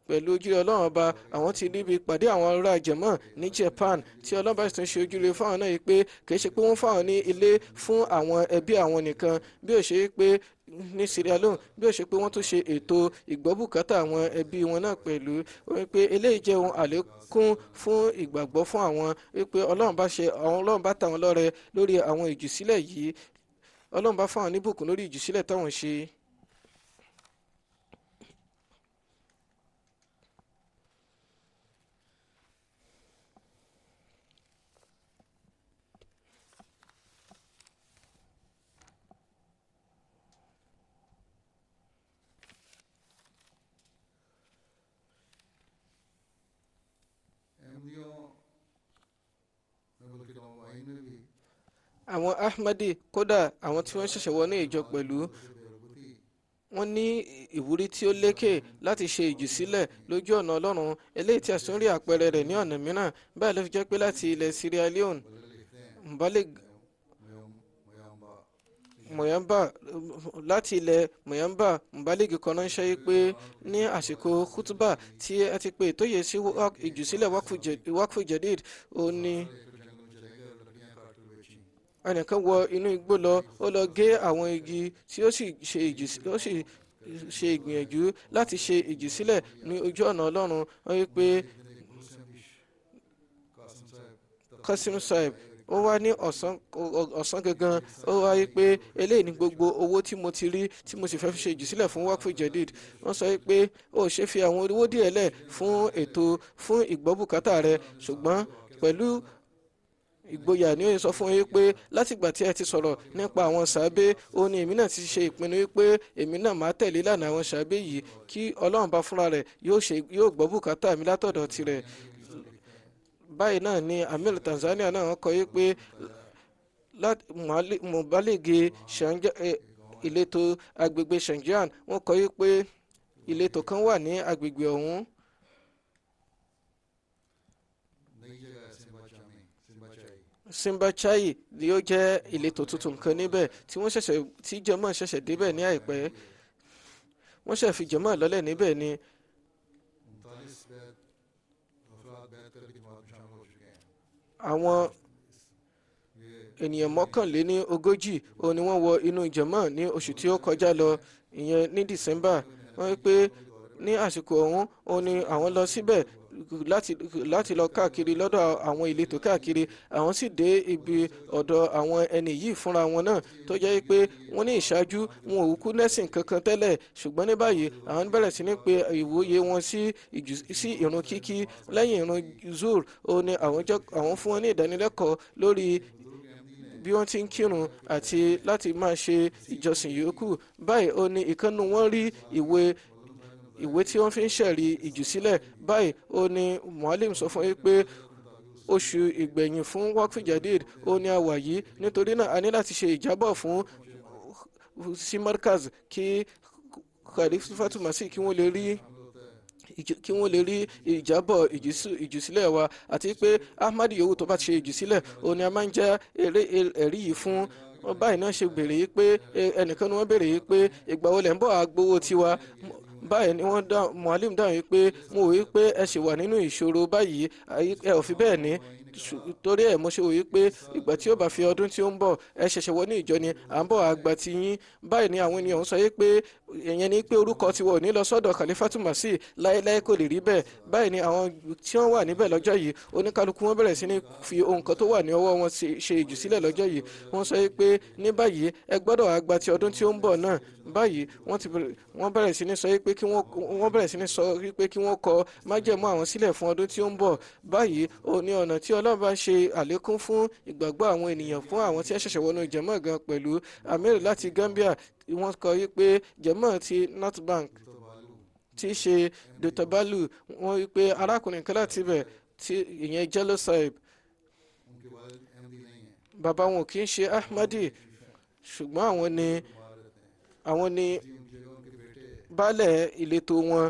pẹ̀lú ojúre ọlọ́run ọba àwọn ti níbi ìpàdé àwọn ará jẹ̀mọ́ ní Japan tí ọlọ́run bá sì tún ṣe ojúre fáwọn náà yìí pé kìí ṣe pé wọ́n fáwọn ní ilé fún àwọn ẹbí àwọn nìkan bí ó ṣe pé ní Sierra Leone bí ó ṣe pé wọ́n tún ṣe ètò ìgbọ́bùkátà àwọn ẹbí wọn náà pẹ̀lú wípé eléyìí jẹ́ ohun àlékún fún ìgbàgbọ́ fún àwọn wípé ọlọ́run bá ṣe ọlọ́run bá tàwọn lọ́rẹ àwọn ahmadi kódà àwọn tí wọ́n ṣẹ̀ṣẹ̀ wọnú ìjọ pẹ̀lú wọ́n ní ìwúrí tí ó lékè láti ṣe ìjùsílẹ̀ lójú ọ̀nà ọlọ́run eléyìí tí a tún rí àpẹẹrẹ rẹ̀ ní ọ̀nà mìíràn báyìí ló fi jẹ́ pé láti ilẹ̀ Sierra Leone mbalik mọ̀yánbà láti ilẹ̀ mọ̀yánbà mbaligi kan ránṣẹ́ pé ní àsìkò kútúbà tí a ti pè tó yẹ sí ìjùsílẹ̀ wákùjẹ̀dìd ó ní ẹnìkan wọ inú igbó lọ ó lọ gé àwọn igi tí ó sì ṣe ìjì ó sì ṣe ìgbìyànjú láti ṣe ìjì sílẹ̀ ní ojú ọ̀nà ọlọ́run wọ́n wí pé Qasim Saib ó wá ní ọ̀sán gangan ó wá yí pé eléyìí ní gbogbo owó tí mo ti rí tí mo sì fẹ́ fi ṣe ìjùsílẹ̀ fún Waqf Jadid wọ́n sọ pé ó ṣe fi àwọn owó díẹ̀ lẹ̀ fún ètò fún ìgbọ́bùkátà rẹ̀ ṣùgbọ́n pẹ̀lú ìgboyà ni ó sọ fún yín pé látìgbà tí ẹ ti sọ̀rọ̀ nípa àwọn sàábé ó ní èmi náà ti ṣe ìpinnu wípé èmi náà máa tẹ̀lé lànà àwọn sàábé yìí kí ọlọ́run bá fúnra rẹ̀ yóò gbọ́ bùkátà mi látọ̀dọ̀ tirẹ̀ báyìí náà ni amir Tanzania náà kọ yí pé mọ̀bálẹ́gẹ ìletò agbègbè Shangian wọ́n kọ yí pé ìletò kan wà ní agbègbè ọ̀hún Simbachayi ni ó jẹ́ ìletò tuntun kan níbẹ̀ tí wọ́n ṣẹ̀ṣẹ̀ tí jẹ́mọ̀ ṣẹ̀ṣẹ̀ débẹ̀ ní àìpẹ́ wọ́n ṣẹ̀ fi jẹ́mọ̀ lọ́lẹ̀ níbẹ̀ ni. àwọn ènìyàn mọ́kànléní ogójì òun ni wọ́n wọ inú jẹ́mọ̀ ní oṣù tí ó kọjá lọ ìyẹn ní December wọ́n wí pé ní àsìkò ọ̀hún òun ni àwọn lọ síbẹ̀ láti láti lọ káàkiri lọ́dọ̀ àwọn ìletò káàkiri àwọn sì dé ibi ọ̀dọ̀ àwọn ẹni yìí fúnra wọn náà tó jẹ́ pé wọ́n ní ìṣáájú wọn ò kú lẹ́sìn kankan tẹ́lẹ̀ ṣùgbọ́n ní báyìí àwọn bẹ̀rẹ̀ sí ní pe ìwòye wọn sí ìrun kíkí lẹ́yìn ìrun zur ó ní àwọn fún wọn ní ìdánilẹ́kọ̀ọ́ lórí bí wọ́n ti ń kírun àti láti máa ṣe ìjọsìn yòókù báyìí ó ní ìkànnù wọn rí ìwé ìwé tí wọ́n fi ń ṣẹ̀rí ìjùsílẹ̀ báyìí ó ní mualim sọ fún yín pé oṣù ìgbẹ̀yìn fún wakfi jadid ó ní àwà yìí nítorí náà a ní láti ṣe ìjábọ̀ fún simarkaz kí khalifatu masih kí wọ́n lè rí kí wọ́n lè rí ìjábọ̀ ìjùsílẹ̀ wa àti pé ahmad yòówù tó bá ti ṣe ìjùsílẹ̀ ó ní a máa ń jẹ́ ẹ̀rí yìí fún báyìí náà ṣe béèrè yìí pé ẹnìkan ni wọ́n béèrè yìí pé ìgbà wo lẹ́ ń bọ̀ àgbowó tiwa báyìí ni wọ́n dá mualim dáhùn yìí pé mo wòye pé ẹ ṣì wà nínú ìṣòro báyìí ẹ ò fi bẹ́ẹ̀ ní torí ẹ̀ mo ṣe wòye pé ìgbà tí ó bá fi ọdún tí ó ń bọ̀ ẹ ṣẹ̀ṣẹ̀ wọ ní ìjọ ni à ń bọ̀ àgbà ti yín báyìí ni àwọn ènìyàn ń sọ yé pé ìyẹn ni pé orúkọ tiwọ̀ ò ní lọ sọ́dọ̀ kàlífàtú màsí láéláé kò lè rí bẹ́ẹ̀ báyìí ni àwọn tí wọ́n wà níbẹ̀ lọ́jọ́ yìí oníkálukú wọn bẹ̀rẹ̀ sí ní fi ohun kan tó wà ní ọwọ́ wọn ṣe ìjùsílẹ̀ lọ́jọ́ yìí wọ́n sọ yé pé ní báyìí ẹ gbọ́dọ̀ àgbà ti ọdún tí ó ń bọ̀ náà báyìí wọ́n ti wọ́n bẹ̀rẹ̀ sí ní sọ pé kí wọ́n wọ́n bẹ̀rẹ̀ sí ní sọ pé kí wọ́n kọ májẹ̀mú àwọn sílẹ̀ fún ọdún tí ó ń bọ̀ báyìí ò ní ọ̀nà tí Ọlọ́run bá ṣe àlékún fún ìgbàgbọ́ àwọn ènìyàn fún àwọn tí wọ́n ṣẹ̀ṣẹ̀ wọnú ìjẹ̀mọ́ gan pẹ̀lú amẹ́rù láti Gambia wọ́n kọ wípé jẹ̀mọ́ ti North Bank tí í ṣe dotabalu wọ́n wípé arákùnrin kan láti bẹ̀ tí ìyẹn jelosaib bàbá wọn kì í ṣe Ahmadi ṣùgbọ́n àwọn ni àwọn ni baálẹ̀ ìletò wọn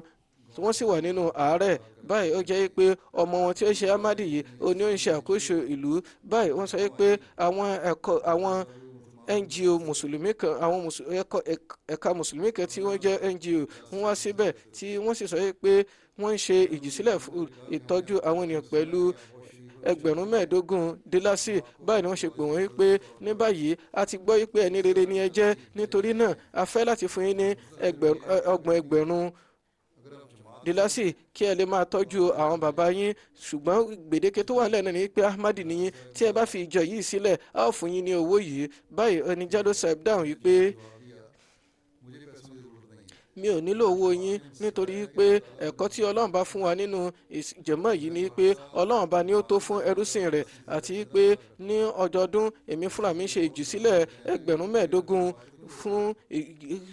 tí wọ́n sì wà nínú àárẹ̀ báyìí ó jẹ́ pé ọmọ wọn tí ó ṣe amadi yìí ó ní ó ń ṣe àkóso ìlú báyìí wọ́n sọ pé àwọn ẹ̀kọ́ àwọn ngo mùsùlùmí kan àwọn ẹ̀ka mùsùlùmí kan tí wọ́n jẹ́ ngo wọ́n wá síbẹ̀ tí wọ́n sì sọ pé wọ́n ń ṣe ìjìsílẹ̀ ìtọ́jú àwọn ènìyàn pẹ̀lú ẹgbẹ̀rún mẹ́ẹ̀ẹ́dógún dílásì báyìí ni wọ́n ṣe pè wọ́n wípé ní báyìí a ti gbọ́ wípé ẹni rere ni ẹ jẹ́ nítorí náà a fẹ́ láti fún yín ní ọgbọ̀n ẹgbẹ̀rún dílásì kí ẹ lè máa tọ́jú àwọn bàbá yín ṣùgbọ́n gbèdéke tó wà lẹ́nu ni pé Ahmadi nìyí tí ẹ bá fi ìjọ yìí sílẹ̀ a ó fún yín ní owó yìí báyìí oníjàdó sahib dáhùn yìí pé mi ò nílò owó yín nítorí pé ẹ̀kọ́ tí ọlọ́run bá fún wa nínú ìjẹ̀mọ́ yìí ni pé ọlọ́run bá ní ó tó fún ẹrúsìn rẹ̀ àti pé ní ọjọ́dún èmi fúnra mi ṣe ìjùsílẹ̀ ẹgbẹ̀rún mẹ́ẹ̀ẹ́dógún fún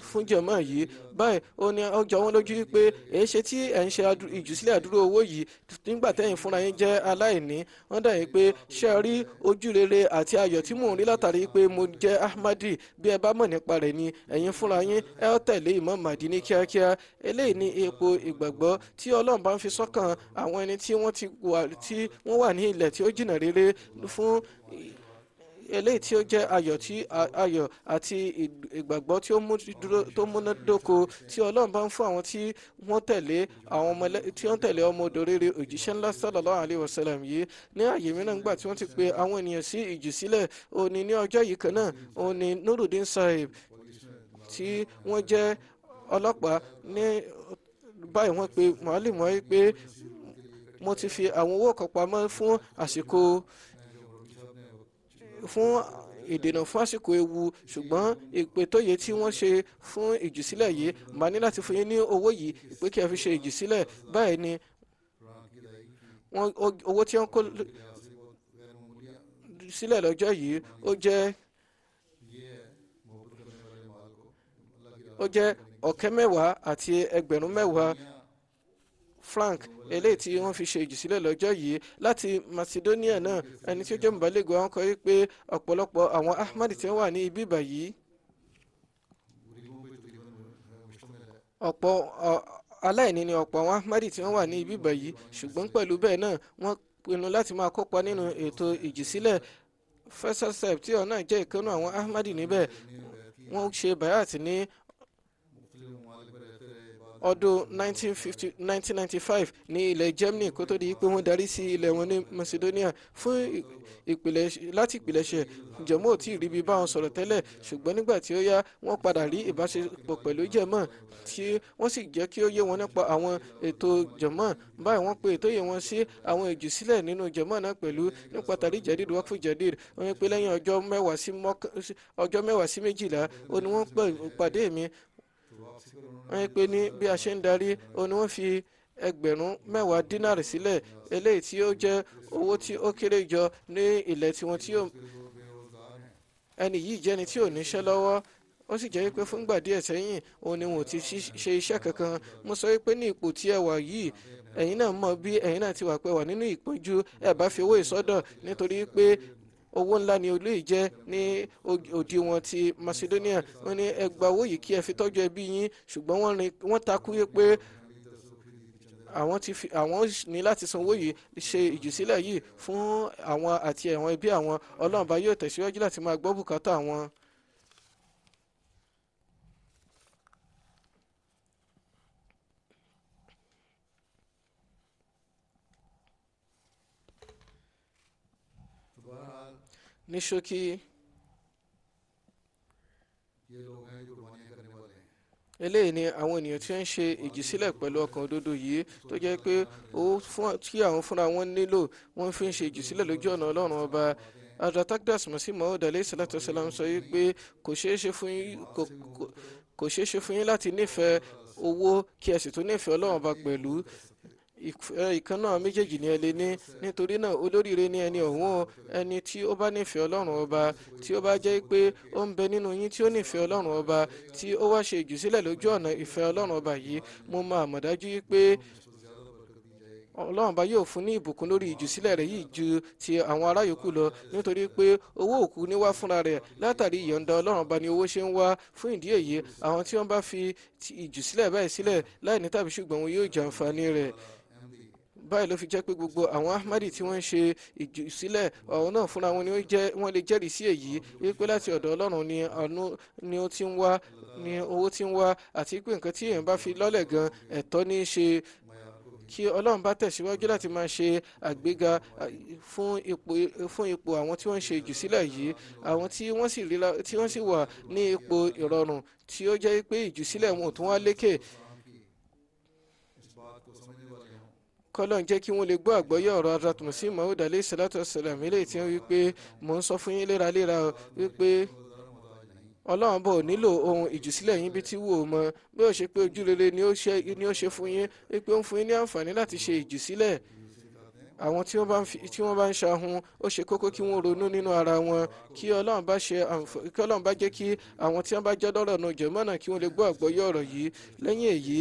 fún jẹ̀mọ́ yìí báyìí ó ní ọjọ́ wọn lójú pé èyí ṣe tí ẹ̀ ń ṣe ìjùsílẹ̀ àdúró owó yìí nígbà tẹ́yìn fúnra yín jẹ́ aláìní wọ́n dà yín pé ṣe rí ojúrere àti ayọ̀ tí mò ń rí látàrí pé mo jẹ́ Ahmadi bí ẹ bá mọ̀ nípa rẹ̀ ni ẹ̀yin fúnra yín ẹ ó tẹ̀lé Imam Mahdi ní kíákíá eléyìí ni epo ìgbàgbọ́ tí Ọlọ́run bá ń fi sọ́kàn àwọn ẹni tí wọ́n wà ní ilẹ̀ tí ó jìnnà rere fún eléyìí tí ó jẹ́ ayọ̀ tí ayọ̀ àti ìgbàgbọ́ tí ó múnádóko tí ọlọ́run bá ń fún àwọn tí wọ́n tẹ̀lé àwọn ọmọ tí wọ́n tẹ̀lé ọmọ odò òjíṣẹ́ ńlá sallallahu alaihi wasallam yìí ní àyè mìíràn gbà tí wọ́n ti pe àwọn ènìyàn sí ìjì sílẹ̀ òní ní ọjọ́ yìí kan náà òní Nuruddin Saheb tí wọ́n jẹ́ ọlọ́pàá ní báyìí wọ́n pe màálì mọ́ pé mo ti fi àwọn owó kan pamọ́ fún àsìkò fún ìdènà fún àsìkò ewu ṣùgbọ́n ìpè tó yẹ tí wọ́n ṣe fún ìjùsílẹ̀ yìí màá ní láti fún yín ní owó yìí ìpè kí a fi ṣe ìjùsílẹ̀ báyìí ni owó tí wọ́n kó sílẹ̀ lọ́jọ́ yìí ó jẹ́ ó jẹ́ ọ̀kẹ́ mẹ́wàá àti ẹgbẹ̀rún mẹ́wàá Frank eléyìí tí wọ́n fi ṣe ìjùsílẹ̀ lọ́jọ́ yìí láti Macedonia náà ẹni tí ó jẹ́ mùbálẹ́gbẹ̀ẹ́ wọn kọ wípé ọ̀pọ̀lọpọ̀ àwọn Ahmad tí wọ́n wà ní ibi báyìí ọ̀pọ̀ aláìní ni ọ̀pọ̀ àwọn Ahmadi tí wọ́n wà ní ibi báyìí ṣùgbọ́n pẹ̀lú bẹ́ẹ̀ náà wọ́n pinnu láti máa kópa nínú ètò ìjìsílẹ̀ fẹsẹsẹp tí ọ̀nà jẹ́ ìkànnì àwọn Ahmadi níbẹ̀ wọ́n ṣe bayat ní ọdún 1950, 1995 ní ilẹ̀ Germany kó tó di pé wọ́n darí sí ilẹ̀ wọn ní Macedonia fún láti ìpìlẹ̀ṣẹ̀ jẹ̀mọ́ ò tí ì ríbi báwọn sọ̀rọ̀ tẹ́lẹ̀ ṣùgbọ́n nígbà tí ó yá wọ́n padà rí ìbáṣepọ̀ pẹ̀lú jẹ̀mọ́ tí wọ́n sì jẹ́ kí ó yé wọn nípa àwọn ètò jẹ̀mọ́ báyìí wọ́n pe ètò yẹ wọn sí àwọn ìjùsílẹ̀ nínú jẹ̀mọ́ náà pẹ̀lú ní pàtàkì jẹ̀díd wọ́pù jẹ̀díd wọ́n pe lẹ́yìn ọjọ́ mẹ́wàá sí méjìlá ó ní wọ́n pàdé mi wọ́n yẹ pé ní bí a ṣe ń darí òun ni wọ́n fi ẹgbẹ̀rún mẹ́wàá dínárì sílẹ̀ eléyìí tí ó jẹ́ owó tí ó kéré jọ ní ilẹ̀ tiwọn tí ó ẹni yìí jẹ́ni tí ò níṣẹ́ lọ́wọ́ ó sì jẹ́ wípé fúngbà díẹ̀ sẹ́yìn òun ni wọn ti ṣe iṣẹ́ kankan mo sọ wípé ní ipò tí ẹ wà yìí ẹ̀yin náà mọ̀ bí ẹ̀yin náà ti wà pé wà nínú ìpọ́njú ẹ bá fi owó ìsọdọ̀ nítorí pé owó ńlá ni olóyè jẹ́ ní òdiwọ̀n ti Macedonia wọ́n ní ẹ gba owó yìí kí ẹ fi tọ́jú ẹbí yín ṣùgbọ́n wọ́n takú pé àwọn ti fi àwọn ní láti san owó yìí ṣe ìjùsílẹ̀ yìí fún àwọn àti àwọn ẹbí àwọn ọlọ́run bá yóò tẹ̀síwájú láti máa gbọ́ bùkátà àwọn. ní ṣókí. eléyìí ni àwọn ènìyàn tí ó ń ṣe ìjìsílẹ̀ pẹ̀lú ọkàn òdodo yìí tó jẹ́ pé owó tí àwọn fúnra wọn nílò wọ́n fi ń ṣe ìjìsílẹ̀ lójú ọ̀nà ọlọ́run ọba adratakdas mọ̀ sí mahud alayhi salatu wasalam sọ yìí pé kò ṣeé ṣe fún yín láti nífẹ̀ẹ́ owó kí ẹ sì tún nífẹ̀ẹ́ ọlọ́run ọba pẹ̀lú Eh, ìkan náà méjèèjì ni ẹ lè ní nítorí náà olóríire ni ẹni ọ̀hún o ẹni tí ó bá nífẹ̀ẹ́ ọlọ́run ọba tí ó bá jẹ́ pé ó ń bẹ nínú yín tí ó nífẹ̀ẹ́ ọlọ́run ọba tí ó wá ṣe ìjùsílẹ̀ lójú ọ̀nà ìfẹ́ ọlọ́run ọba yìí mo máa mọ̀ dájú pé ọlọ́run bá yóò fún ní ìbùkún lórí ìjùsílẹ̀ rẹ̀ yìí ju ti àwọn ará yòókù lọ nítorí pé owó òkú ní wá fúnra rẹ̀ látàrí ìyọ̀ǹda ọlọ́run bá ní owó ṣe ń wá fún ìdí èyí àwọn tí wọ́n bá fi ìjùsílẹ̀ báyìí sílẹ̀ láì ní tàbí ṣùgbọ́n wọn yóò jàǹfààní rẹ̀ báyìí ló fi jẹ́ pé gbogbo àwọn ahmadi tí wọ́n ń ṣe ìjùsílẹ̀ ọ̀hún náà fúnra wọn ni wọ́n lè jẹ́rìí sí èyí wípé láti ọ̀dọ̀ ọlọ́run ni àánú ni ó ti ń wá ni owó ti ń wá àti pé nǹkan tí èèyàn bá fi lọ́lẹ̀ gan ẹ̀tọ́ ní í ṣe kí ọlọ́run bá tẹ̀síwájú láti máa ṣe àgbéga fún ipò àwọn tí wọ́n ń ṣe ìjùsílẹ̀ yìí àwọn tí wọ́n sì wà ní ipò ìrọ̀rùn tí ó jẹ́ pé ìjùsílẹ̀ wọn ò tún wá lékè kọ́lọ́n jẹ́ kí wọ́n lè gbọ́ àgbọ́yé ọ̀rọ̀ Hazrat Masih Maud alayhi salatu wassalam eléyìí tí wọ́n wí pé mò ń sọ fún yín léraléra wípé ọlọ́run bò nílò ohun ìjùsílẹ̀ yín bí ti wù ó mọ bí ó ṣe pé ojú rere ni ó ṣe fún yín wípé ó ń fún yín ní àǹfààní láti ṣe ìjùsílẹ̀ àwọn tí wọ́n bá ń ṣahun ó ṣe kókó kí wọ́n ronú nínú ara wọn kí ọlọ́run bá ṣe kí ọlọ́run bá jẹ́ kí àwọn tí wọ́n bá jẹ́ lọ́rọ̀ náà jẹ́ mọ́nà kí wọ́n lè gbọ́ àgbọ́yé ọ̀rọ̀ yìí lẹ́yìn èyí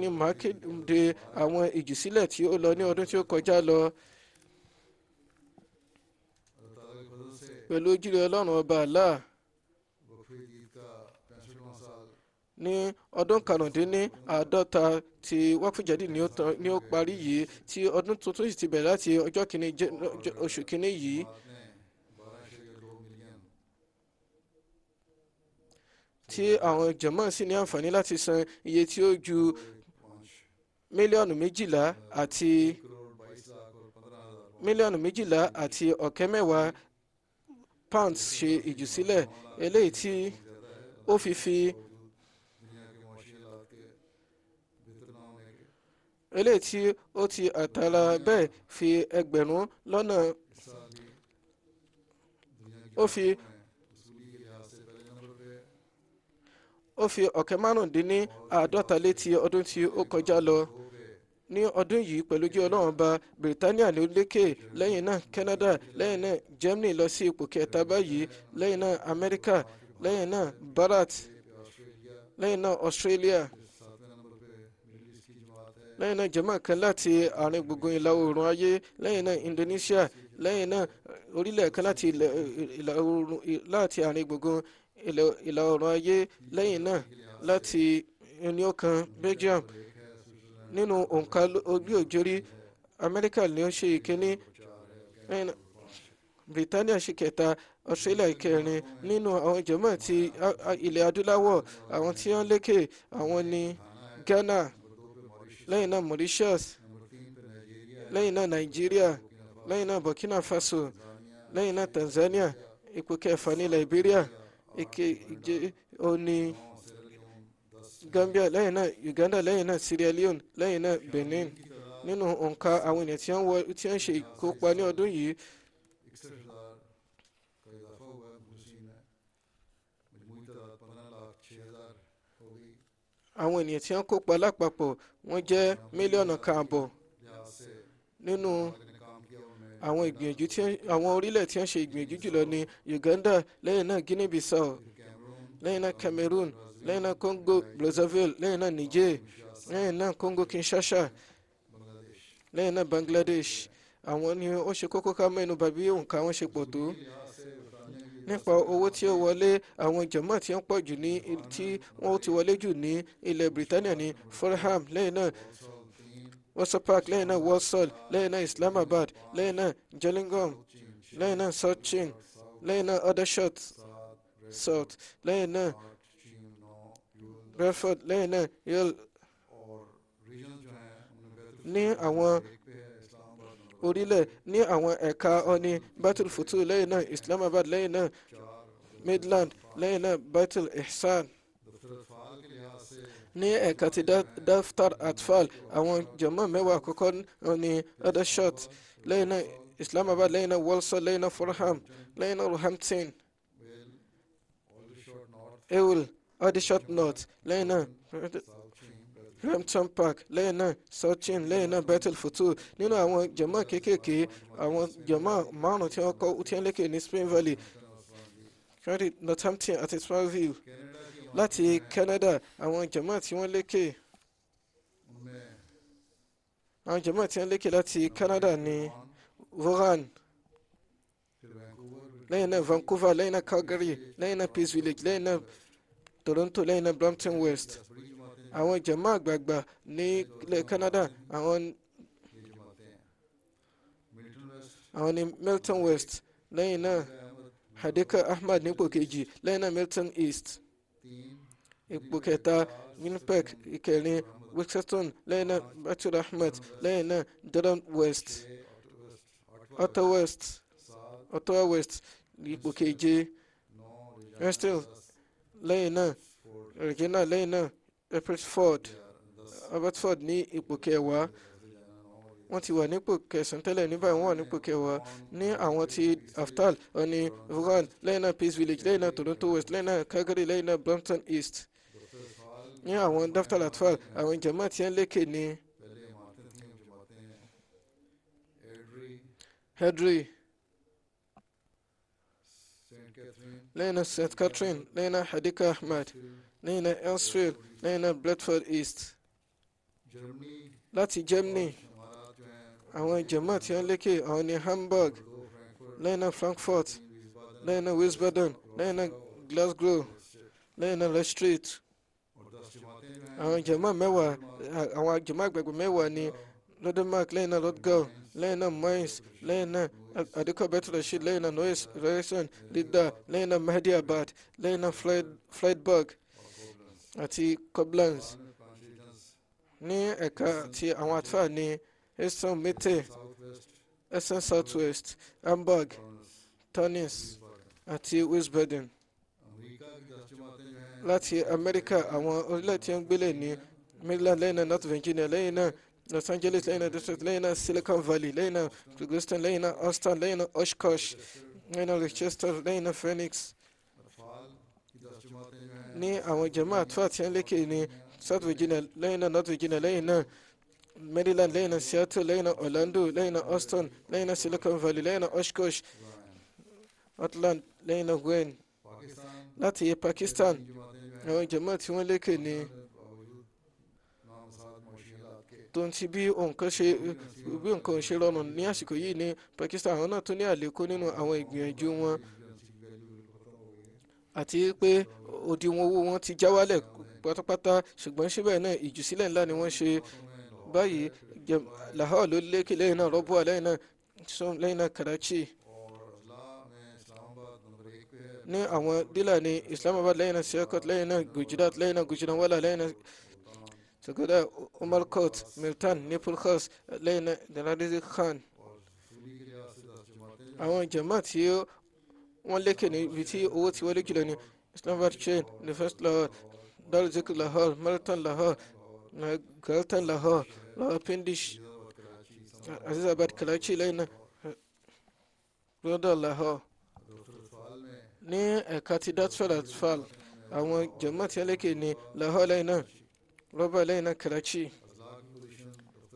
ni màá kéde àwọn ìjùsílẹ̀ tí ó lọ ní ọdún tí ó kọjá lọ. pẹ̀lú ojúlé ọlọ́run ọba Allah ní ọdún karùndínláàádọ́ta ti wákùjáde ni ó parí yìí tí ọdún tuntun sì ti bẹ̀rẹ̀ láti ọjọ́ kìíní oṣù kìíní yìí. tí àwọn jẹ̀mọ́ sì ní àǹfààní láti san iye tí ó ju mílíọ̀nù méjìlá àti mílíọ̀nù méjìlá àti ọ̀kẹ́ mẹ́wàá pounds ṣe ìjùsílẹ̀ eléyìí tí ó fi fi eléyìí tí ó ti àtàlà bẹ́ẹ̀ fi ẹgbẹ̀rún lọ́nà ó fi ó fi ọ̀kẹ́ márùndínní àádọ́ta létí ọdún tí ó kọjá lọ ní ọdún yìí pẹ̀lú jí ọlọ́run ba Bìrìtánìà ló lékè lẹ́yìn náà Canada lẹ́yìn náà Germany lọ sí ipò kẹta báyìí lẹ́yìn náà America lẹ́yìn náà Barat lẹ́yìn náà Australia lẹ́yìn náà jàmáà kan láti àárín gbùngbùn ìlà oòrùn ayé lẹ́yìn náà Indonesia lẹ́yìn náà orílẹ̀ kan láti ìlà oòrùn láti àárín gbùngbùn ìlà oòrùn ayé lẹ́yìn náà láti ẹni ọkàn Belgium nínú òǹkà ogbí òjòrí Amẹ́ríkà ni ó ṣe ìkíní Britania ṣe kẹta Australia ìkẹrin nínú àwọn jàmáà ti ilẹ̀ adúláwọ̀ àwọn tí wọ́n lékè àwọn ni Ghana lẹ́yìn náà Mauritius lẹ́yìn náà Nigeria lẹ́yìn náà Burkina Faso lẹ́yìn náà Tanzania ipò kẹfà ní Liberia ìkeje òní Gambia lẹ́yìn náà Uganda lẹ́yìn náà Sierra Leone lẹ́yìn náà Benin nínú òǹkà àwọn ènìyàn tí wọ́n ṣe ìkópa ní ọdún yìí àwọn ènìyàn tí wọ́n kópa lápapọ̀ wọ́n jẹ́ mílíọ̀nù kààbọ̀ nínú àwọn ìgbìyànjú tí àwọn orílẹ̀ tí wọ́n ṣe ìgbìyànjú jùlọ ní Uganda lẹ́yìn náà Guinea Bissau lẹ́yìn náà Cameroon lẹ́yìn náà Congo Brazzaville lẹ́yìn náà Niger lẹ́yìn náà Congo Kinshasa lẹ́yìn náà Bangladesh àwọn ni ó ṣe kókó ká mẹ́nu bàbí òǹkà wọn ṣe pọ̀ tó nípa owó tí ó wọlé àwọn jàmá tí wọ́n pọ̀ jù ní tí wọ́n ti wọlé jù ní ilẹ̀ Britania ní Fulham lẹ́yìn náà Worcester Park lẹ́yìn náà Walsall lẹ́yìn náà Islamabad lẹ́yìn náà Gillingham lẹ́yìn náà Sachin lẹ́yìn náà Aldershot South lẹ́yìn náà Brentford lẹ́yìn náà Yale ní àwọn orílẹ̀ ní àwọn ẹ̀ka ọ̀ni battle Futu lẹ́yìn náà Islamabad lẹ́yìn náà Midland lẹ́yìn náà battle Ihsan ní ẹ̀ka ti Daftar Atfal àwọn jọmọ́ mẹ́wàá àkọ́kọ́ ní Aldershot lẹ́yìn náà Islamabad lẹ́yìn náà Walsall lẹ́yìn náà Fulham lẹ́yìn náà Roehampton Ewell Aldershot North lẹ́yìn náà. Remington Park lẹ́yìn náà Sochin lẹ́yìn náà Bethel Futu nínú àwọn jàmá kéékèèké àwọn jàmá márùn tí wọ́n kọ́ tí wọ́n lékè ní Spring Valley credit Northampton àti Swanville láti Canada àwọn jàmá tí wọ́n lékè àwọn jàmá tí wọ́n lékè láti Canada ní Vaughan lẹ́yìn náà Vancouver lẹ́yìn náà Calgary lẹ́yìn náà Peace Village lẹ́yìn náà Toronto lẹ́yìn náà Brampton West àwọn jàmá àgbààgbà ní ilẹ̀ Canada àwọn àwọn ni Milton West lẹ́yìn náà Hadika Ahmad nípò kejì lẹ́yìn náà Milton East ipò kẹta Winnipeg ìkẹrin Wilkeston lẹ́yìn náà Batul Ahmed lẹ́yìn náà Durham West Ottawa West Ottawa West ipò keje Estill lẹ́yìn náà Regina lẹ́yìn náà Alfred Ford Albert Ford ní ipò kẹwàá wọ́n ti wà nípò kẹsàn-án tẹ́lẹ̀ ní báyìí wọ́n wà nípò kẹwàá ní àwọn ti Aftal ọ̀ni Vaughan lẹ́yìn náà Peace Village lẹ́yìn náà Toronto West lẹ́yìn náà Calgary lẹ́yìn náà Brampton East ní àwọn Daftal Aftal àwọn jama tí ń lékè ní Hedrie. لنا سانت كاترين لنا حديقة أحمد لنا أنسفيل لنا بلادفورد إيست láti Germany àwọn jama tí wọ́n lékè àwọn ní Hamburg lẹ́yìn náà Frankfurt lẹ́yìn náà Wiesbaden lẹ́yìn náà Glasgow lẹ́yìn náà Leicester àwọn jama mẹ́wàá àwọn jama àgbègbè mẹ́wàá ní lọ́dọ̀ mark lẹ́yìn náà lodgal lẹ́yìn náà moyes lẹ́yìn náà adekobe rashid lẹ́yìn náà lida lẹ́yìn náà mahdi abad lẹ́yìn náà koblenz Ni ẹ̀ka ti àwọn àtúfà ní eastern mete eastern southwest hamburg tunis àti wiesbaden láti amẹ́ríkà àwọn orílẹ̀ tí wọ́n gbélé ní maryland lẹ́yìn náà north virginia lẹ́yìn náà لوس انجلوس لقينا ديستريكت لقينا سيليكون فالي لقينا جوستن لقينا اوستن لقينا اوشكوش لقينا ريتشستر لقينا فينيكس ni a wajen ma fatiyan lake ne south virginia laina north virginia laina maryland laina seattle laina orlando laina austin laina silicon valley laina oshkosh atlanta laina gwen láti pakistan àwọn jamaat tí wọ́n lékè ní tó ń ti bí nǹkan ṣe bí nǹkan ṣe rọrùn ní àsìkò yìí ní Pakistan àwọn náà tún ní àlékún nínú àwọn ìgbìyànjú wọn àti pé òdiwọ̀n owó wọn ti já wálẹ̀ pátápátá ṣùgbọ́n síbẹ̀ náà ìjùsílẹ̀ ńlá ni wọ́n ṣe báyìí Lahore ló lékè lẹ́yìn náà Rọ́bùà lẹ́yìn náà sọm lẹ́yìn náà Karachi ní àwọn dílà ní Islamabad lẹ́yìn náà Sialkot lẹ́yìn náà Gujarat lẹ́yìn náà Gujranwala lẹ́yìn náà. Tako da Umar Kot, Miltan, Nipul Khas, Leyla Dalarizi Khan. Àwọn jamaat tí wọ́n lékè níbi tí owó ti wọlé jùlọ ni Islamabad Chain, The First Lahore, Dalzik Lahore, Marathon Lahore, Galtan Lahore, Lahore Pindish, Azizabad Karachi lẹ́yìn Roda Lahore. Ní ẹ̀ka ti Datfal Atfal, àwọn jamaat tí wọ́n lékè ní Lahore lẹ́yìn náà. rọ́bà lẹ́yìn Karachi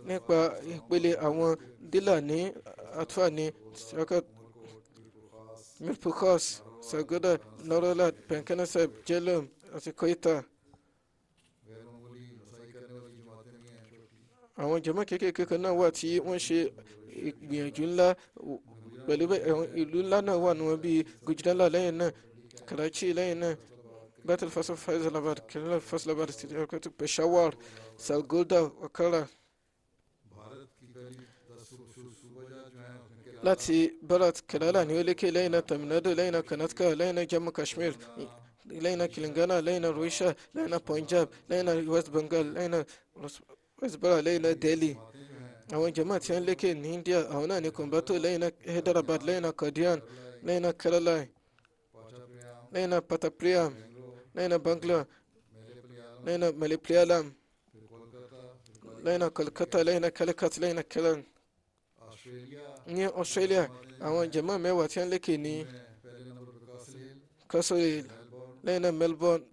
nípa ìpele àwọn dílà ní atúwà ní milpukhas sagoda norola penkenasab jelum àti koita àwọn jama kéékèèké kan náà wà tí wọ́n ṣe ìgbìyànjú ńlá pẹ̀lú ìlú ńlá náà wà níwọ̀n bíi Gujranla lẹ́yìn náà Karachi lẹ́yìn náà بات الفصل فايز Battle Festival Faisalabad, Kerala Faisalabad State Airport, Peshawar, Salgulda, Wakala. التي بلد كلالا نيوليكي لينا تمندو لينا كنتكا لينا جمو كشمير لينا كيلنغانا لينا رويشا لينا بونجاب لينا ويست بنغال لينا ويست بلا لينا ديلي أو جماعة لكي نينديا أونا نيكمباتو لينا هيدراباد لينا كوديان لينا كلالا لينا باتابريام naina bangalore naina malayalam laina kolkata laina calicut laina kiran ní australia àwọn jama mẹ́wàá tí wọ́n lékè ní Cochrane lẹ́yìn náà melbourne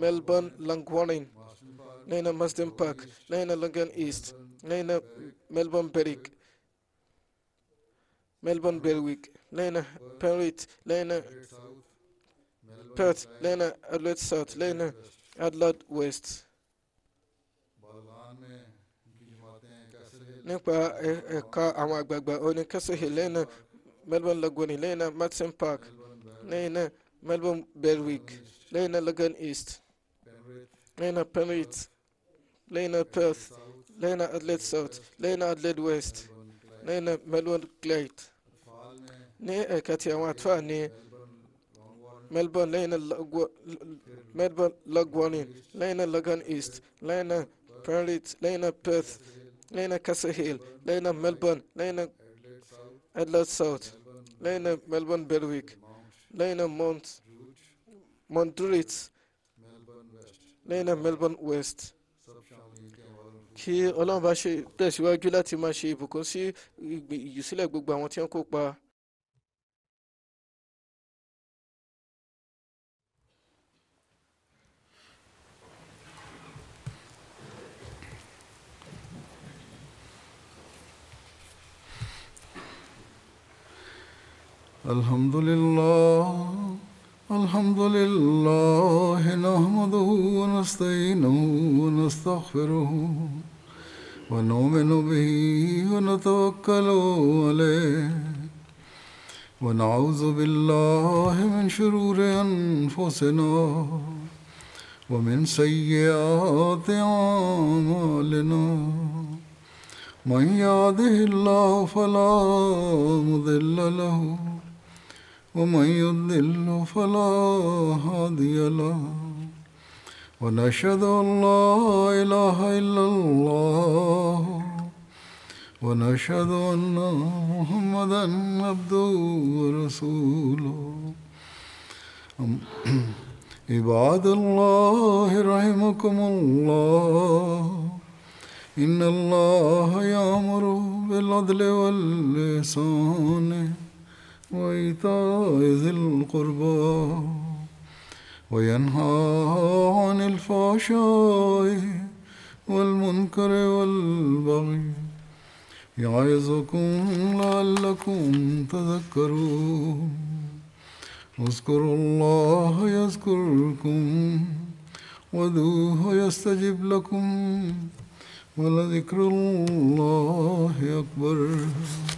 melbourne langwarrin lẹ́yìn náà marsden park lẹ́yìn náà london east lẹ́yìn náà melbourne berwick melbourne berwick lẹ́yìn náà penrith lẹ́yìn náà Perth, Lena, Adelaide South, Lena, Adelaide West. Nipa ẹ̀ka àwọn àgbààgbà oní kẹsìhì lẹ́nà Melbourne Lagoni lẹ́yìn náà Martin Park lẹ́yìn Melbourne Berwick lẹ́yìn Logan East lẹ́yìn Penrith lẹ́yìn Perth lẹ́yìn Adelaide South lẹ́yìn Adelaide West lẹ́yìn Melbourne Clyde ní ẹ̀ka tí àwọn àtúwà ní melbourne Melbourne, lagwanin leyna lagan east leyna Penrith leyna Perth leyna Castle Hill leyna Melbourne leyna Adelaide South leyna Melbourne Berwick leyna Mount Montreat leyna Melbourne West. kí ọlọ́run bá ṣe tẹ̀síwájú láti máa ṣe ìbùkún sí ìyùsílẹ̀ gbogbo àwọn tí wọ́n kópa. الحمد لله الحمد لله نحمده ونستعينه ونستغفره ونؤمن به ونتوكل عليه ونعوذ بالله من شرور انفسنا ومن سيئات اعمالنا من يهده الله فلا مضل له ومن يضلل فلا هادي له ونشهد أن لا إله إلا الله ونشهد أن محمدا عبده ورسوله عباد الله رحمكم الله إن الله يأمر بالعدل واللسان وإيتاء ذي القربى وينهى عن الفحشاء والمنكر والبغي يعظكم لعلكم تذكرون اذكروا الله يذكركم ودوه يستجب لكم ولذكر الله أكبر